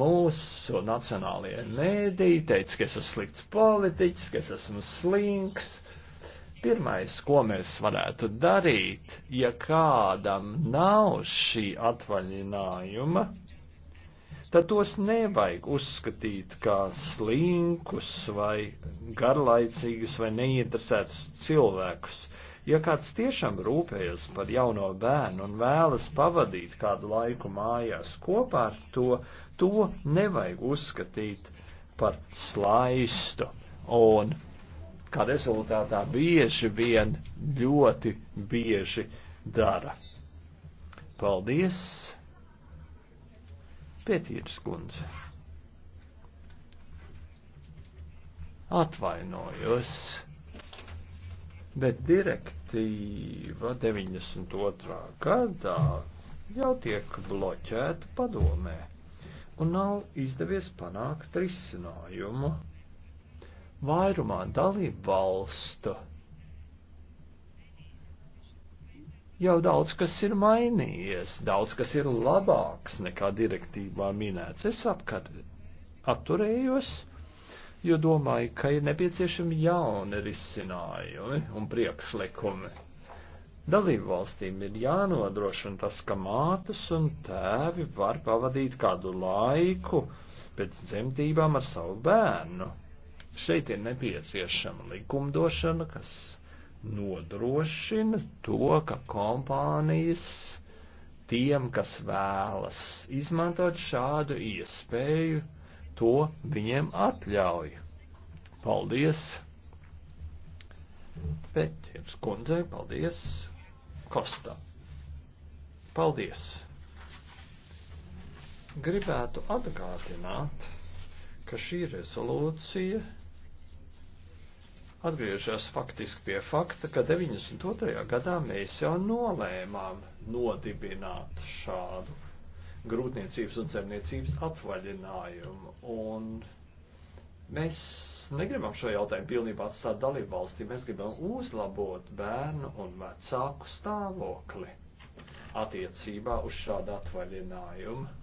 mūsu nacionālajie mēdī teica, ka es esmu slikts politiķis, ka es esmu slinks, Pirmais, ko mēs varētu darīt, ja kādam nav šī atvaļinājuma, tad tos nevajag uzskatīt kā slinkus vai garlaicīgus vai neinteresētus cilvēkus. Ja kāds tiešām rūpējas par jauno bērnu un vēlas pavadīt kādu laiku mājās kopā ar to, to nevajag uzskatīt par slaistu un kā rezultātā bieži vien, ļoti bieži dara. Paldies! Pētīrs kundze. Atvainojos, bet direktīva 92. gadā jau tiek bloķēta padomē un nav izdevies panākt risinājumu. Vairumā dalību valstu jau daudz kas ir mainījies, daudz kas ir labāks nekā direktīvā minēts. Es apkat, atturējos, jo domāju, ka ir nepieciešami jauni risinājumi un priekšlikumi. Dalību valstīm ir jānodrošina tas, ka mātes un tēvi var pavadīt kādu laiku pēc dzemdībām ar savu bērnu. Šeit ir nepieciešama likumdošana, kas nodrošina to, ka kompānijas tiem, kas vēlas izmantot šādu iespēju, to viņiem atļauj. Paldies! Bet jums kundzei, paldies! Kosta! Paldies! Gribētu atgādināt, ka šī rezolūcija atgriežas faktiski pie fakta, ka 92. gadā mēs jau nolēmām nodibināt šādu grūtniecības un zemniecības atvaļinājumu. Un mēs negribam šo jautājumu pilnībā atstāt dalību valstī, mēs gribam uzlabot bērnu un vecāku stāvokli attiecībā uz šādu atvaļinājumu.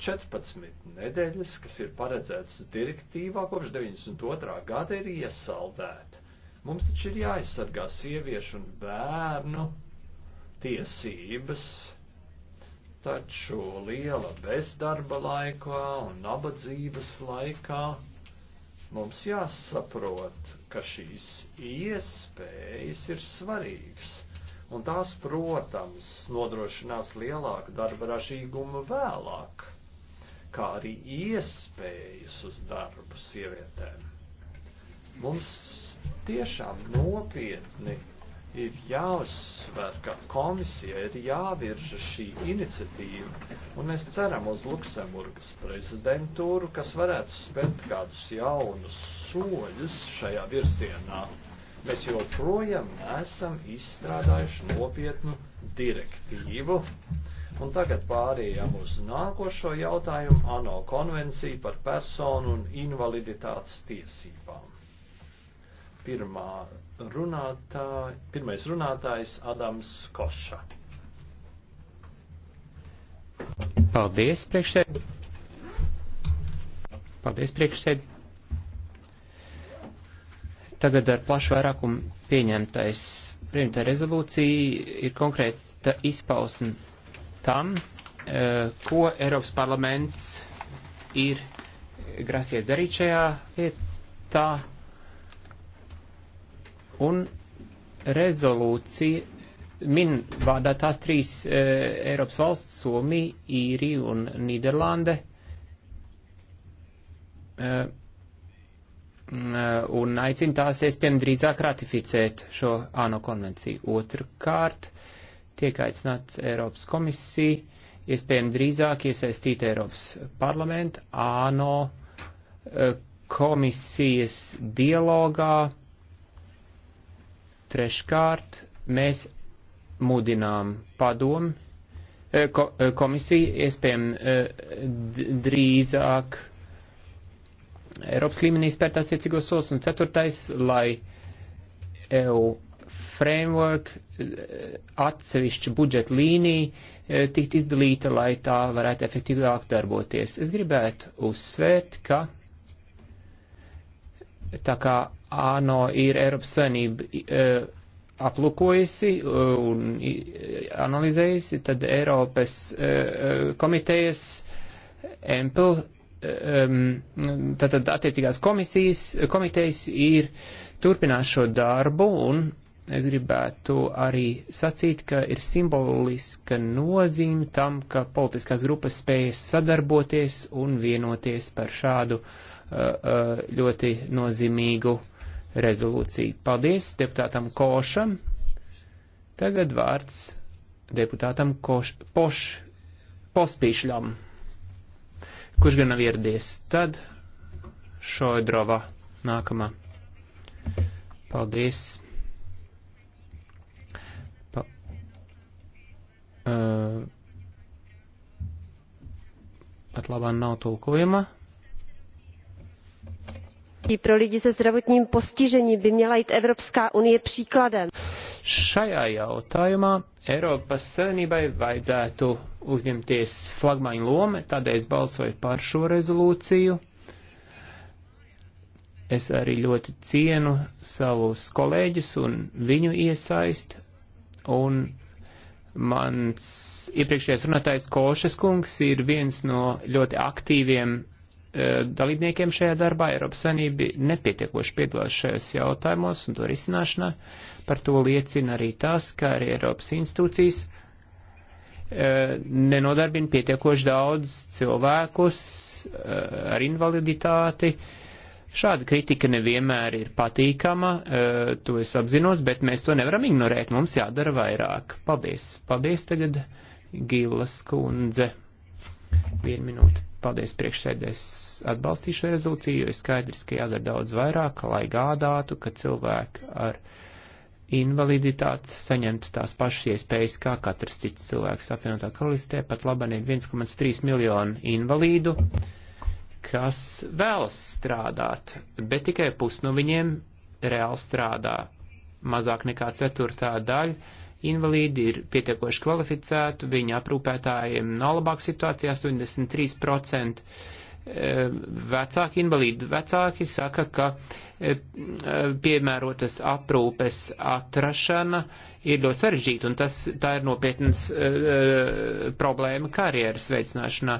14 nedēļas, kas ir paredzētas direktīvā kopš 92. gada, ir iesaldēta. Mums taču ir jāaizsargā sieviešu un bērnu tiesības, taču liela bezdarba laikā un nabadzības laikā mums jāsaprot, ka šīs iespējas ir svarīgas un tās, protams, nodrošinās lielāku darba ražīgumu vēlāk kā arī iespējas uz darbu sievietēm. Mums tiešām nopietni ir jāuzsver, ka komisija ir jāvirza šī iniciatīva, un mēs ceram uz Luksemburgas prezidentūru, kas varētu spērt kādus jaunus soļus šajā virsienā. Mēs joprojām esam izstrādājuši nopietnu direktīvu, Un tagad pārējām uz nākošo jautājumu - ANO konvenciju par personu un invaliditātes tiesībām. Pirmā runātā, pirmais runātājs Adams Koša.
Paldies, priekšsēd. Paldies, priekšsēd. Tagad ar plašu vairākumu pieņemtais, pieņemta rezolūcija ir konkrēta izpausme tam, eh, ko Eiropas parlaments ir grasies darīt šajā lietā. Un rezolūcija min vārdā tās trīs e, Eiropas valsts - Somija, Īrija un Nīderlande. E, un aicina tās iespējami drīzāk ratificēt šo ANO konvenciju. Otrkārt, tiek aicināts Eiropas komisija, iespējami drīzāk iesaistīt Eiropas parlamentu, ANO eh, komisijas dialogā. Treškārt, mēs mudinām padomu eh, eh, komisiju, iespējami drīzāk Eiropas līmenī spērt attiecīgos solis. Un ceturtais, lai EU framework, eh, atsevišķa budžeta līnija eh, tikt izdalīta, lai tā varētu efektīvāk darboties. Es gribētu uzsvērt, ka tā kā ANO ir Eiropas Savienība eh, aplūkojusi un analizējusi, tad Eiropas komitejas EMPL, tātad attiecīgās komisijas, komitejas ir turpinās šo darbu un Es gribētu arī sacīt, ka ir simboliska nozīme tam, ka politiskās grupas spējas sadarboties un vienoties par šādu uh, uh, ļoti nozīmīgu rezolūciju. Paldies deputātam Košam. Tagad vārds deputātam Koš, Poš, Pospīšļam, kurš gan nav ieradies. Tad Šoidrova nākamā. Paldies. uh, pat labā nav tulkojuma.
Pro lidi se zdravotním postižením by měla jít Evropská unie příkladem.
Šajā jautājumā Eiropas Savienībai vajadzētu uzņemties flagmaņu lomu, tādēļ es balsoju par šo rezolūciju. Es arī ļoti cienu savus kolēģus un viņu iesaist, un Mans iepriekšējais runātais Košas kungs ir viens no ļoti aktīviem e, dalībniekiem šajā darbā. Eiropas Sanība nepietiekoši piedalās šajos jautājumos un to risināšanā. Par to liecina arī tas, ka arī Eiropas institūcijas e, nenodarbina pietiekoši daudz cilvēkus e, ar invaliditāti, e, Šāda kritika nevienmēr ir patīkama, e, to es apzinos, bet mēs to nevaram ignorēt, mums jādara vairāk. Paldies. Paldies tagad, Gilas kundze. Vienu minūti. Paldies priekšsēdēs atbalstīšu rezolūciju, jo ir skaidrs, ka jādara daudz vairāk, lai gādātu, ka cilvēki ar invaliditāti saņemtu tās pašas iespējas kā katrs cits cilvēks. Apvienotā karalistē pat labanīgi 1,3 miljonu invalīdu kas vēlas strādāt, bet tikai pus no viņiem reāli strādā. Mazāk nekā ceturtā daļa invalīdi ir pietiekoši kvalificēti, viņa aprūpētājiem nav labāk situācija, 83% vecāki, invalīdi vecāki saka, ka eh, piemērotas aprūpes atrašana ir ļoti sarežģīta, un tas, tā ir nopietnas uh, problēma karjeras veicināšanā.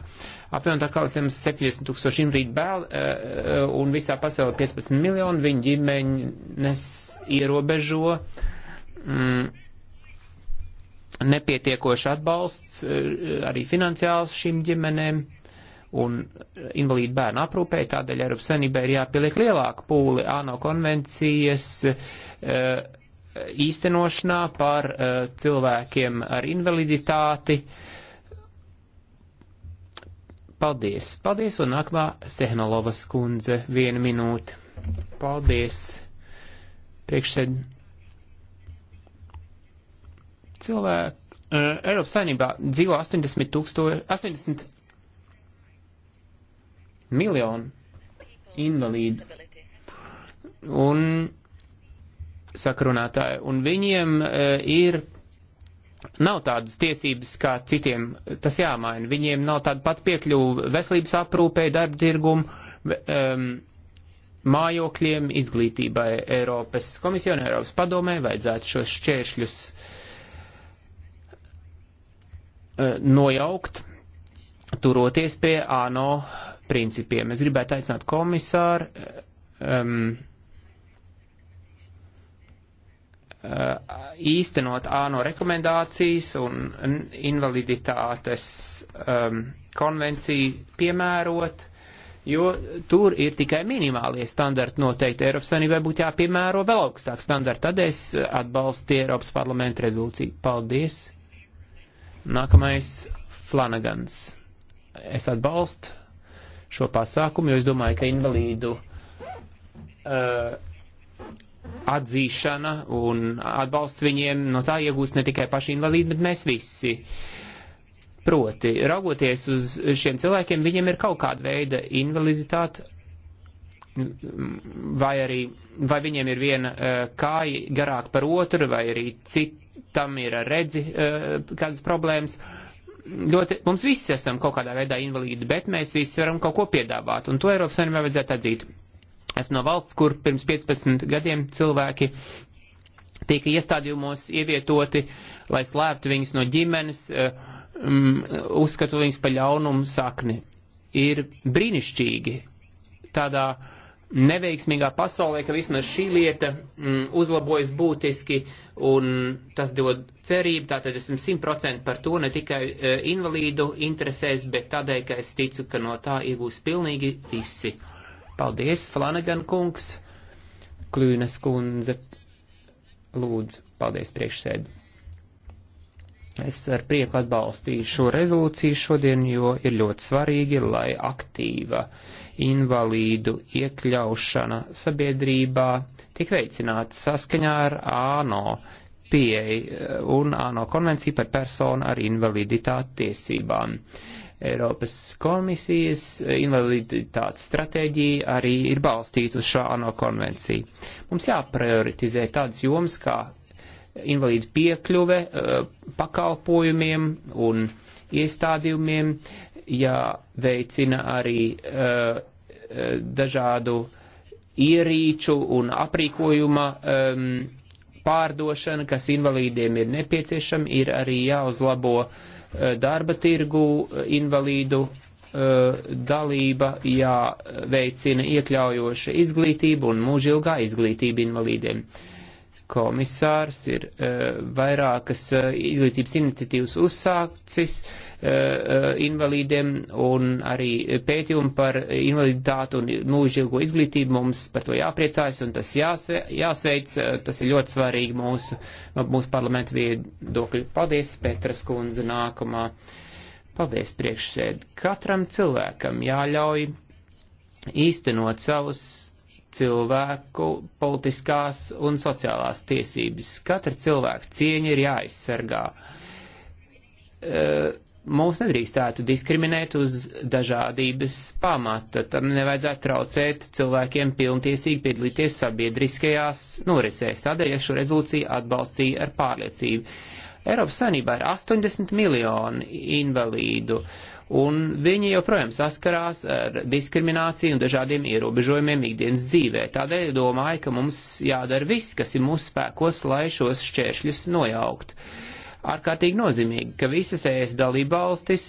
Apvienotā kalsiem 70 tūkstoši invalīdu bēl, uh, un visā pasaulē 15 miljoni viņu ģimenes ierobežo. Mm, Nepietiekoši atbalsts, uh, arī finansiāls šīm ģimenēm. Uh, un invalīdu bērnu aprūpē, tādēļ Eiropas Savienībai ir jāpieliek lielāku pūli ANO konvencijas eh, īstenošanā par eh, cilvēkiem ar invaliditāti. Paldies! Paldies, un nākamā Sehnalovas kundze, viena minūte. Paldies! Priekšsēd. Cilvēki. Eh, Eiropas saimnībā dzīvo 80 tūkstoši, 80 miljonu invalīdu un sakrunātāju, un viņiem uh, ir, nav tādas tiesības kā citiem, tas jāmaina, viņiem nav tāda pat piekļuva veselības aprūpē, darba tirgumu, um, mājokļiem, izglītībai Eiropas komisijā un Eiropas padomē vajadzētu šos šķēršļus uh, nojaukt, turoties pie ANO uh, pamatprincipiem. Es gribētu aicināt komisāru um, īstenot āno rekomendācijas un invaliditātes um, konvenciju piemērot, jo tur ir tikai minimālie standarti noteikti. Eiropas Savienībai būtu jāpiemēro vēl augstāk standarti. Tad es atbalstu Eiropas parlamentu rezolūciju. Paldies! Nākamais Flanagans. Es atbalstu šo pasākumu, jo es domāju, ka invalīdu uh, atzīšana un atbalsts viņiem no tā iegūst ne tikai paši invalīdi, bet mēs visi. Proti, raugoties uz šiem cilvēkiem, viņiem ir kaut kāda veida invaliditāte, vai arī, vai viņiem ir viena uh, kāja garāk par otru, vai arī citam ir redzi uh, kādas problēmas. Uh, ļoti, mums visi esam kaut kādā veidā invalīdi, bet mēs visi varam kaut ko piedāvāt, un to Eiropas Savienībā vajadzētu atzīt. Esmu no valsts, kur pirms 15 gadiem cilvēki tika iestādījumos ievietoti, lai slēptu viņus no ģimenes, um, uzskatu viņus par ļaunumu sakni. Ir brīnišķīgi tādā uh, neveiksmīgā pasaulē, ka vismaz šī lieta mm, uzlabojas būtiski un tas dod cerību, tātad esmu simtprocentīgi par to, ne tikai e, invalīdu interesēs, bet tādēļ, ka es ticu, ka no tā iegūs pilnīgi visi. Paldies, Flanagan kungs, Klūnes kundze, lūdzu, paldies priekšsēd. Es ar prieku atbalstīju šo rezolūciju šodien, jo ir ļoti svarīgi, lai aktīva invalīdu iekļaušana sabiedrībā tik veicināta saskaņā ar ANO pieeja eh, un ANO konvencija par personu ar invaliditāti tiesībām. Eiropas komisijas invaliditātes stratēģija arī ir balstīta uz šo ANO konvenciju. Mums jāprioritizē tādas jomas kā invalīdu piekļuve eh, pakalpojumiem un iestādījumiem, jāveicina arī uh, dažādu ierīču un aprīkojuma um, pārdošana, kas invalīdiem ir nepieciešama, ir arī jāuzlabo uh, darba tirgu uh, invalīdu uh, dalība, jāveicina iekļaujoša izglītība un mūžilgā izglītība invalīdiem. Uh, komisārs ir uh, vairākas uh, izglītības iniciatīvas uzsākcis uh, invalīdiem un arī pētījumu par invaliditātu un mūžilgo izglītību mums par to jāpriecājas un tas jāsve, jāsveic, uh, tas ir ļoti svarīgi mūsu, mūsu parlamentu viedokļu. Paldies, Petras kundze, nākamā. Paldies, priekšsēd. Katram cilvēkam jāļauj īstenot savus cilvēku politiskās un sociālās tiesības. Katra cilvēka cieņa ir jāaizsargā. E, mūs nedrīkstētu diskriminēt uz dažādības pamata. Tam nevajadzētu traucēt cilvēkiem pilntiesīgi piedalīties sabiedriskajās norisēs. Tādēļ es šo rezolūciju atbalstīju ar pārliecību. Eiropas Sanībā ir 80 miljoni invalīdu, un viņi joprojām saskarās ar diskrimināciju un dažādiem ierobežojumiem ikdienas dzīvē. Tādēļ domāju, ka mums jādara viss, kas ir mūsu spēkos, lai šos šķēršļus nojaukt. Ārkārtīgi nozīmīgi, ka visas ES dalībvalstis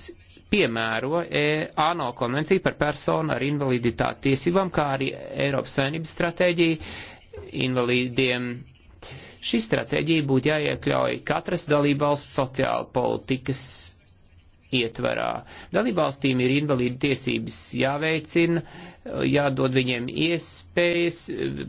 piemēro e, ANO konvenciju par personu ar invaliditāti tiesībām, kā arī Eiropas saimnības stratēģiju invalīdiem. Šī stratēģija būtu jāiekļauj katras dalībvalsts sociāla politikas ietvarā. Dalībvalstīm ir invalīdu tiesības jāveicina, jādod viņiem iespējas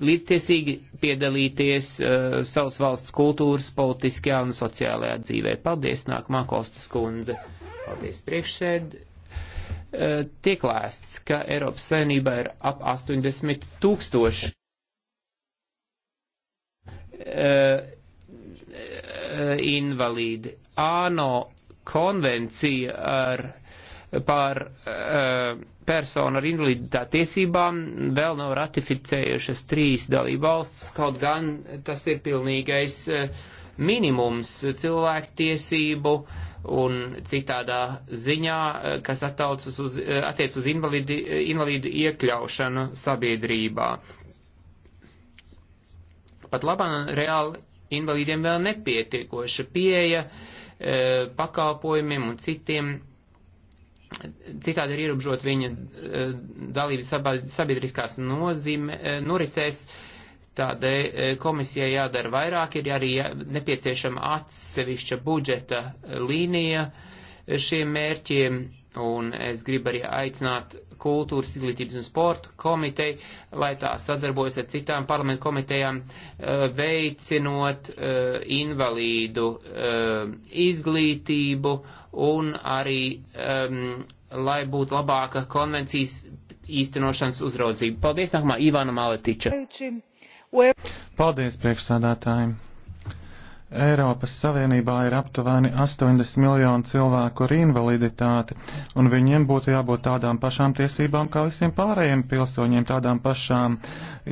līdztiesīgi piedalīties uh, savas valsts kultūras, politiskajā un sociālajā dzīvē. Paldies, nākamā Kostas kundze. Paldies, priekšsēd. Uh, tiek lēsts, ka Eiropas saimnībā ir ap 80 tūkstoši. Uh, invalīdi. ANO konvencija ar, par uh, personu ar invaliditāti tiesībām vēl nav ratificējušas trīs dalībvalstis, kaut gan tas ir pilnīgais uh, minimums cilvēktiesību un citādā ziņā, eh, kas uz, attiec uz invalidi, invalidu iekļaušanu sabiedrībā. Pat labam reāli invalīdiem vēl nepietīkoša pieeja uh, E, pakalpojumiem un citiem. Citādi ir ierobežot viņa e, dalību sabiedriskās nozīme, e, norisēs. Tādēļ komisijai jādara vairāk, ir arī nepieciešama atsevišķa budžeta līnija šiem mērķiem Un es gribu arī aicināt kultūras, izglītības un sporta komiteju, lai tā sadarbojas ar citām parlamentu komitejām, eh, veicinot eh, invalīdu eh, izglītību un arī, ehm, lai būtu labāka konvencijas īstenošanas uzraudzība. Paldies, nākamā Ivana Maletiča.
Paldies priekšsādātājiem. Eiropas Savienībā ir aptuveni 80 miljonu cilvēku ar invaliditāti, un viņiem būtu jābūt tādām pašām tiesībām kā visiem pārējiem pilsoņiem, tādām pašām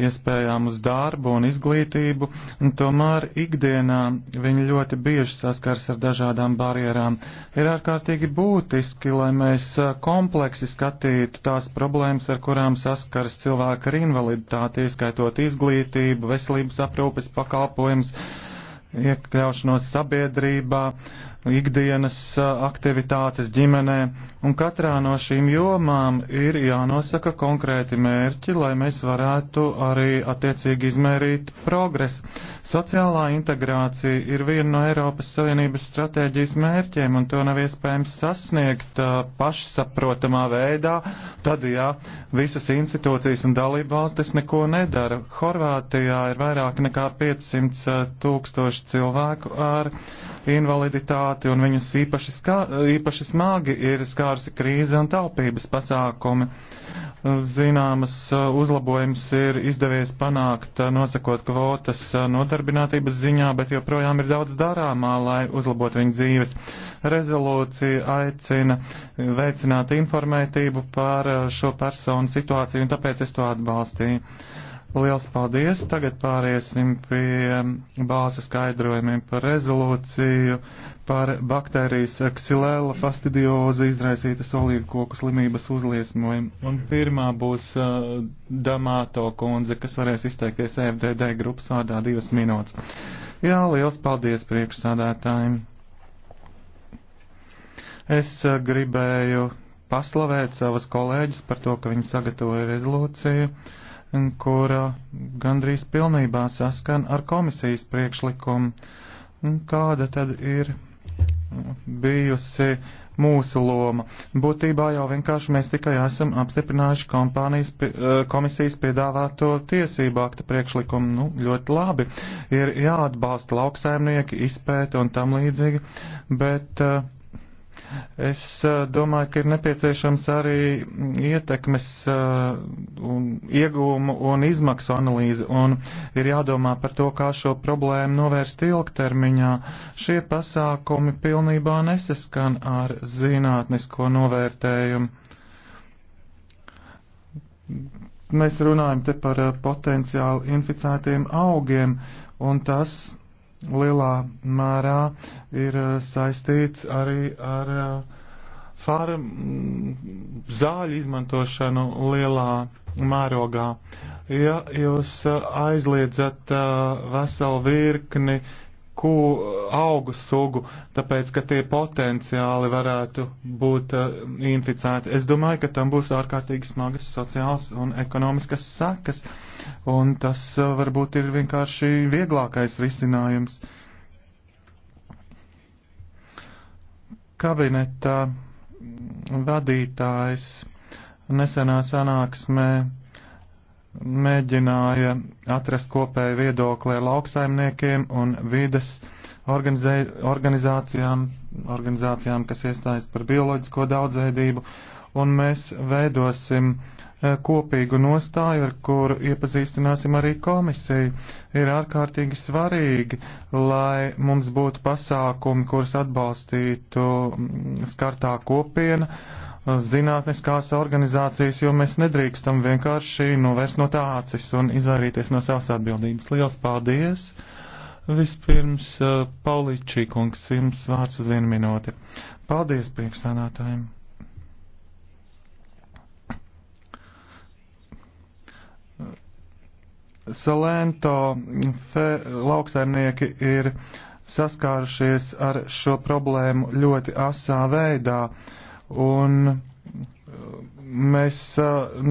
iespējām uz darbu un izglītību, un tomēr ikdienā viņi ļoti bieži saskars ar dažādām barjerām. Ir ārkārtīgi būtiski, lai mēs kompleksi skatītu tās problēmas, ar kurām saskars cilvēki ar invaliditāti, ieskaitot izglītību, veselības aprūpes pakalpojumus, iekļaušanos sabiedrībā, ikdienas aktivitātes ģimenē, un katrā no šīm jomām ir jānosaka konkrēti mērķi, lai mēs varētu arī attiecīgi izmērīt progresu. Sociālā integrācija ir viena no Eiropas Savienības stratēģijas mērķiem, un to nav iespējams sasniegt pašsaprotamā veidā, tad, ja visas institūcijas un dalību valstis neko nedara. Horvātijā ir vairāk nekā 500 tūkstoši cilvēku ar invaliditāti aktivitāti un viņus īpaši, skā, īpaši smagi ir skārusi krīze un taupības pasākumi. Zināmas uh, uzlabojums ir izdevies panākt, uh, nosakot kvotas uh, nodarbinātības ziņā, bet joprojām ir daudz darāmā, lai uzlabotu viņu dzīves. Rezolūcija aicina veicināt informētību par šo personu situāciju, un tāpēc es to atbalstīju. Liels paldies! Tagad pāriesim pie bāzu skaidrojumiem par rezolūciju par baktērijas ksilēla fastidiozi izraisītas olīvu koku slimības uzliesmojumu. Un pirmā būs uh, Damāto kundze, kas varēs izteikties e FDD grupas vārdā divas minūtes. Jā, liels paldies priekšsādātājiem! Es uh, gribēju paslavēt savas kolēģis par to, ka viņi sagatavoja rezolūciju. Uh, kura gandrīz pilnībā saskan ar komisijas priekšlikumu. Kāda tad ir bijusi mūsu loma. Būtībā jau vienkārši mēs tikai esam apstiprinājuši kompānijas, eh, komisijas piedāvāto tiesību akta priekšlikumu. Nu, ļoti labi. Ir jāatbalsta lauksaimnieki, izpēta un tam līdzīgi, bet uh, Es eh, domāju, ka ir nepieciešams arī ietekmes eh, un iegūmu un izmaksu analīze, un ir jādomā par to, kā šo problēmu novērst ilgtermiņā. Šie pasākumi pilnībā nesaskan ar zinātnisko novērtējumu. Mēs runājam te par eh, potenciāli inficētiem augiem, un tas lielā mērā ir eh, saistīts arī ar eh, farm zāļu izmantošanu lielā mērogā. Ja jūs eh, aizliedzat veselu virkni kū, eh, augu sugu, tāpēc, ka tie potenciāli varētu būt uh, inficēti. Es domāju, ka tam būs ārkārtīgi smagas sociālas un ekonomiskas sekas, un tas uh, varbūt ir vienkārši vieglākais risinājums. Kabineta mm, vadītājs nesenā sanāksmē mēģināja atrast kopēju viedokli ar lauksaimniekiem un vides organizācijām, organizācijām, kas iestājas par bioloģisko daudzveidību, un mēs veidosim eh, kopīgu nostāju, ar kuru iepazīstināsim arī komisiju. Ir ārkārtīgi svarīgi, lai mums būtu pasākumi, kurus atbalstītu mm, skartā kopiena zinātniskās organizācijas, jo mēs nedrīkstam vienkārši novērst no tā acis un izvairīties no savas atbildības. Liels paldies! Vispirms eh, Paulīčī kungs, jums vārds uz vienu minūti. Paldies priekšsādātājiem! Salento lauksaimnieki ir saskārušies ar šo problēmu ļoti asā veidā. Uh, un mēs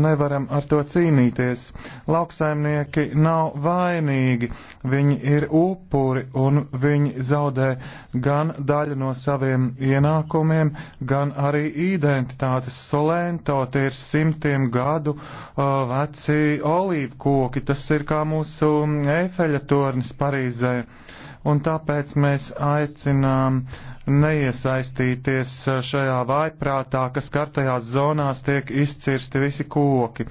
nevaram ar to cīnīties. Lauksaimnieki nav vainīgi, viņi ir upuri un viņi zaudē gan daļu no saviem ienākumiem, gan arī identitātes. Solento tie ir simtiem gadu uh, veci olīvkoki, tas ir kā mūsu efeļa tornis Parīzē. Uh, un tāpēc mēs aicinām neiesaistīties šajā vaiprātā, ka skartajās zonās tiek izcirsti visi koki.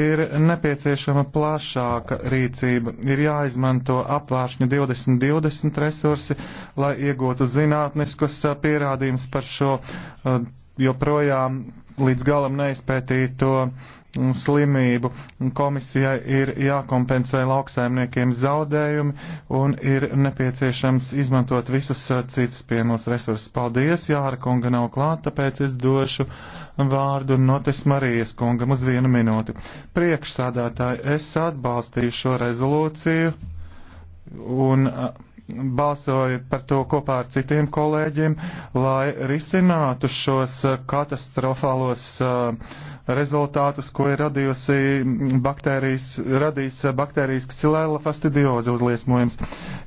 Ir nepieciešama plašāka rīcība, ir jāizmanto apvāršņu 2020 resursi, lai iegūtu zinātniskus uh, pierādījumus par šo uh, joprojām līdz galam neizpētīto slimību. Komisijai ir jākompensē lauksaimniekiem zaudējumi un ir nepieciešams izmantot visus uh, citus piemos resursus. Paldies, Jāra kunga nav klāt, tāpēc es došu vārdu Notis Marijas kungam uz vienu minūti. Priekšsādātāji, es atbalstīju šo rezolūciju un. Uh, balsoju par to kopā ar citiem kolēģiem, lai risinātu šos uh, katastrofālos uh, rezultātus, ko ir radījusi baktērijas, radījis uh, baktērijas ksilēla fastidioze uzliesmojums.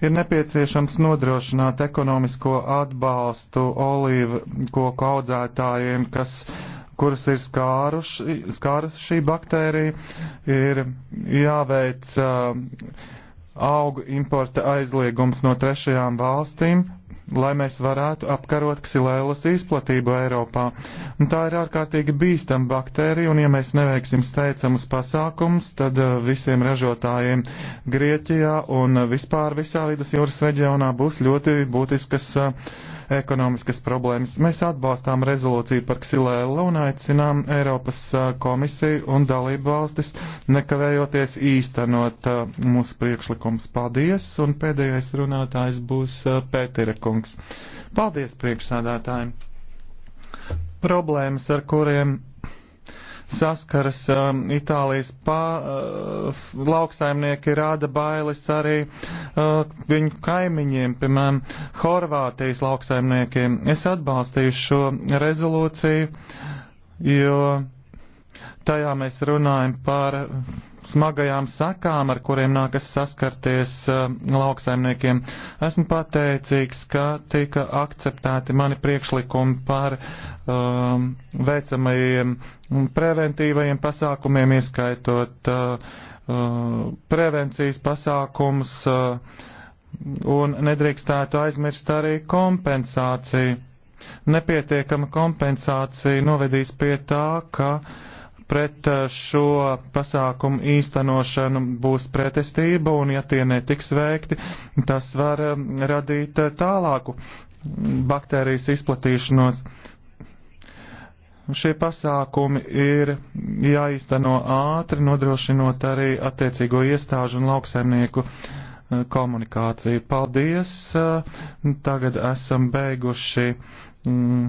Ir nepieciešams nodrošināt ekonomisko atbalstu olīvu koku audzētājiem, kas kurus ir skāruši, skārusi šī baktērija, ir jāveic uh, augu importa aizliegums no trešajām valstīm, lai mēs varētu apkarot ksilēlas izplatību Eiropā. Un tā ir ārkārtīgi bīstama baktērija, un ja mēs neveiksim steicamus pasākums, tad eh, visiem ražotājiem Grieķijā un vispār visā vidus jūras reģionā būs ļoti būtiskas uh, ekonomiskas problēmas. Mēs atbalstām rezolūciju par ksilēlu un aicinām Eiropas komisiju un dalību valstis nekavējoties īstenot mūsu priekšlikums. Paldies, un pēdējais runātājs būs Pētera kungs. Paldies priekšsādātājiem! Problēmas, ar kuriem saskaras um, Itālijas pā, uh, lauksaimnieki rāda bailes arī uh, viņu kaimiņiem, piemēram, Horvātijas lauksaimniekiem. Es atbalstīšu šo rezolūciju, jo Tajā mēs runājam par smagajām sakām, ar kuriem nākas saskarties uh, lauksaimniekiem. Esmu pateicīgs, ka tika akceptēti mani priekšlikumi par um, veicamajiem preventīvajiem pasākumiem, ieskaitot uh, uh, prevencijas pasākums uh, eh, un nedrīkstētu aizmirst arī kompensāciju. Nepietiekama kompensācija novedīs pie tā, ka uh, pret eh, šo pasākumu īstenošanu būs pretestība, un ja tie netiks veikti, tas var eh, radīt eh, tālāku baktērijas izplatīšanos. Šie pasākumi ir jāīsteno ātri, nodrošinot arī attiecīgo iestāžu un lauksaimnieku komunikāciju. Paldies! Tagad esam beiguši. Mm,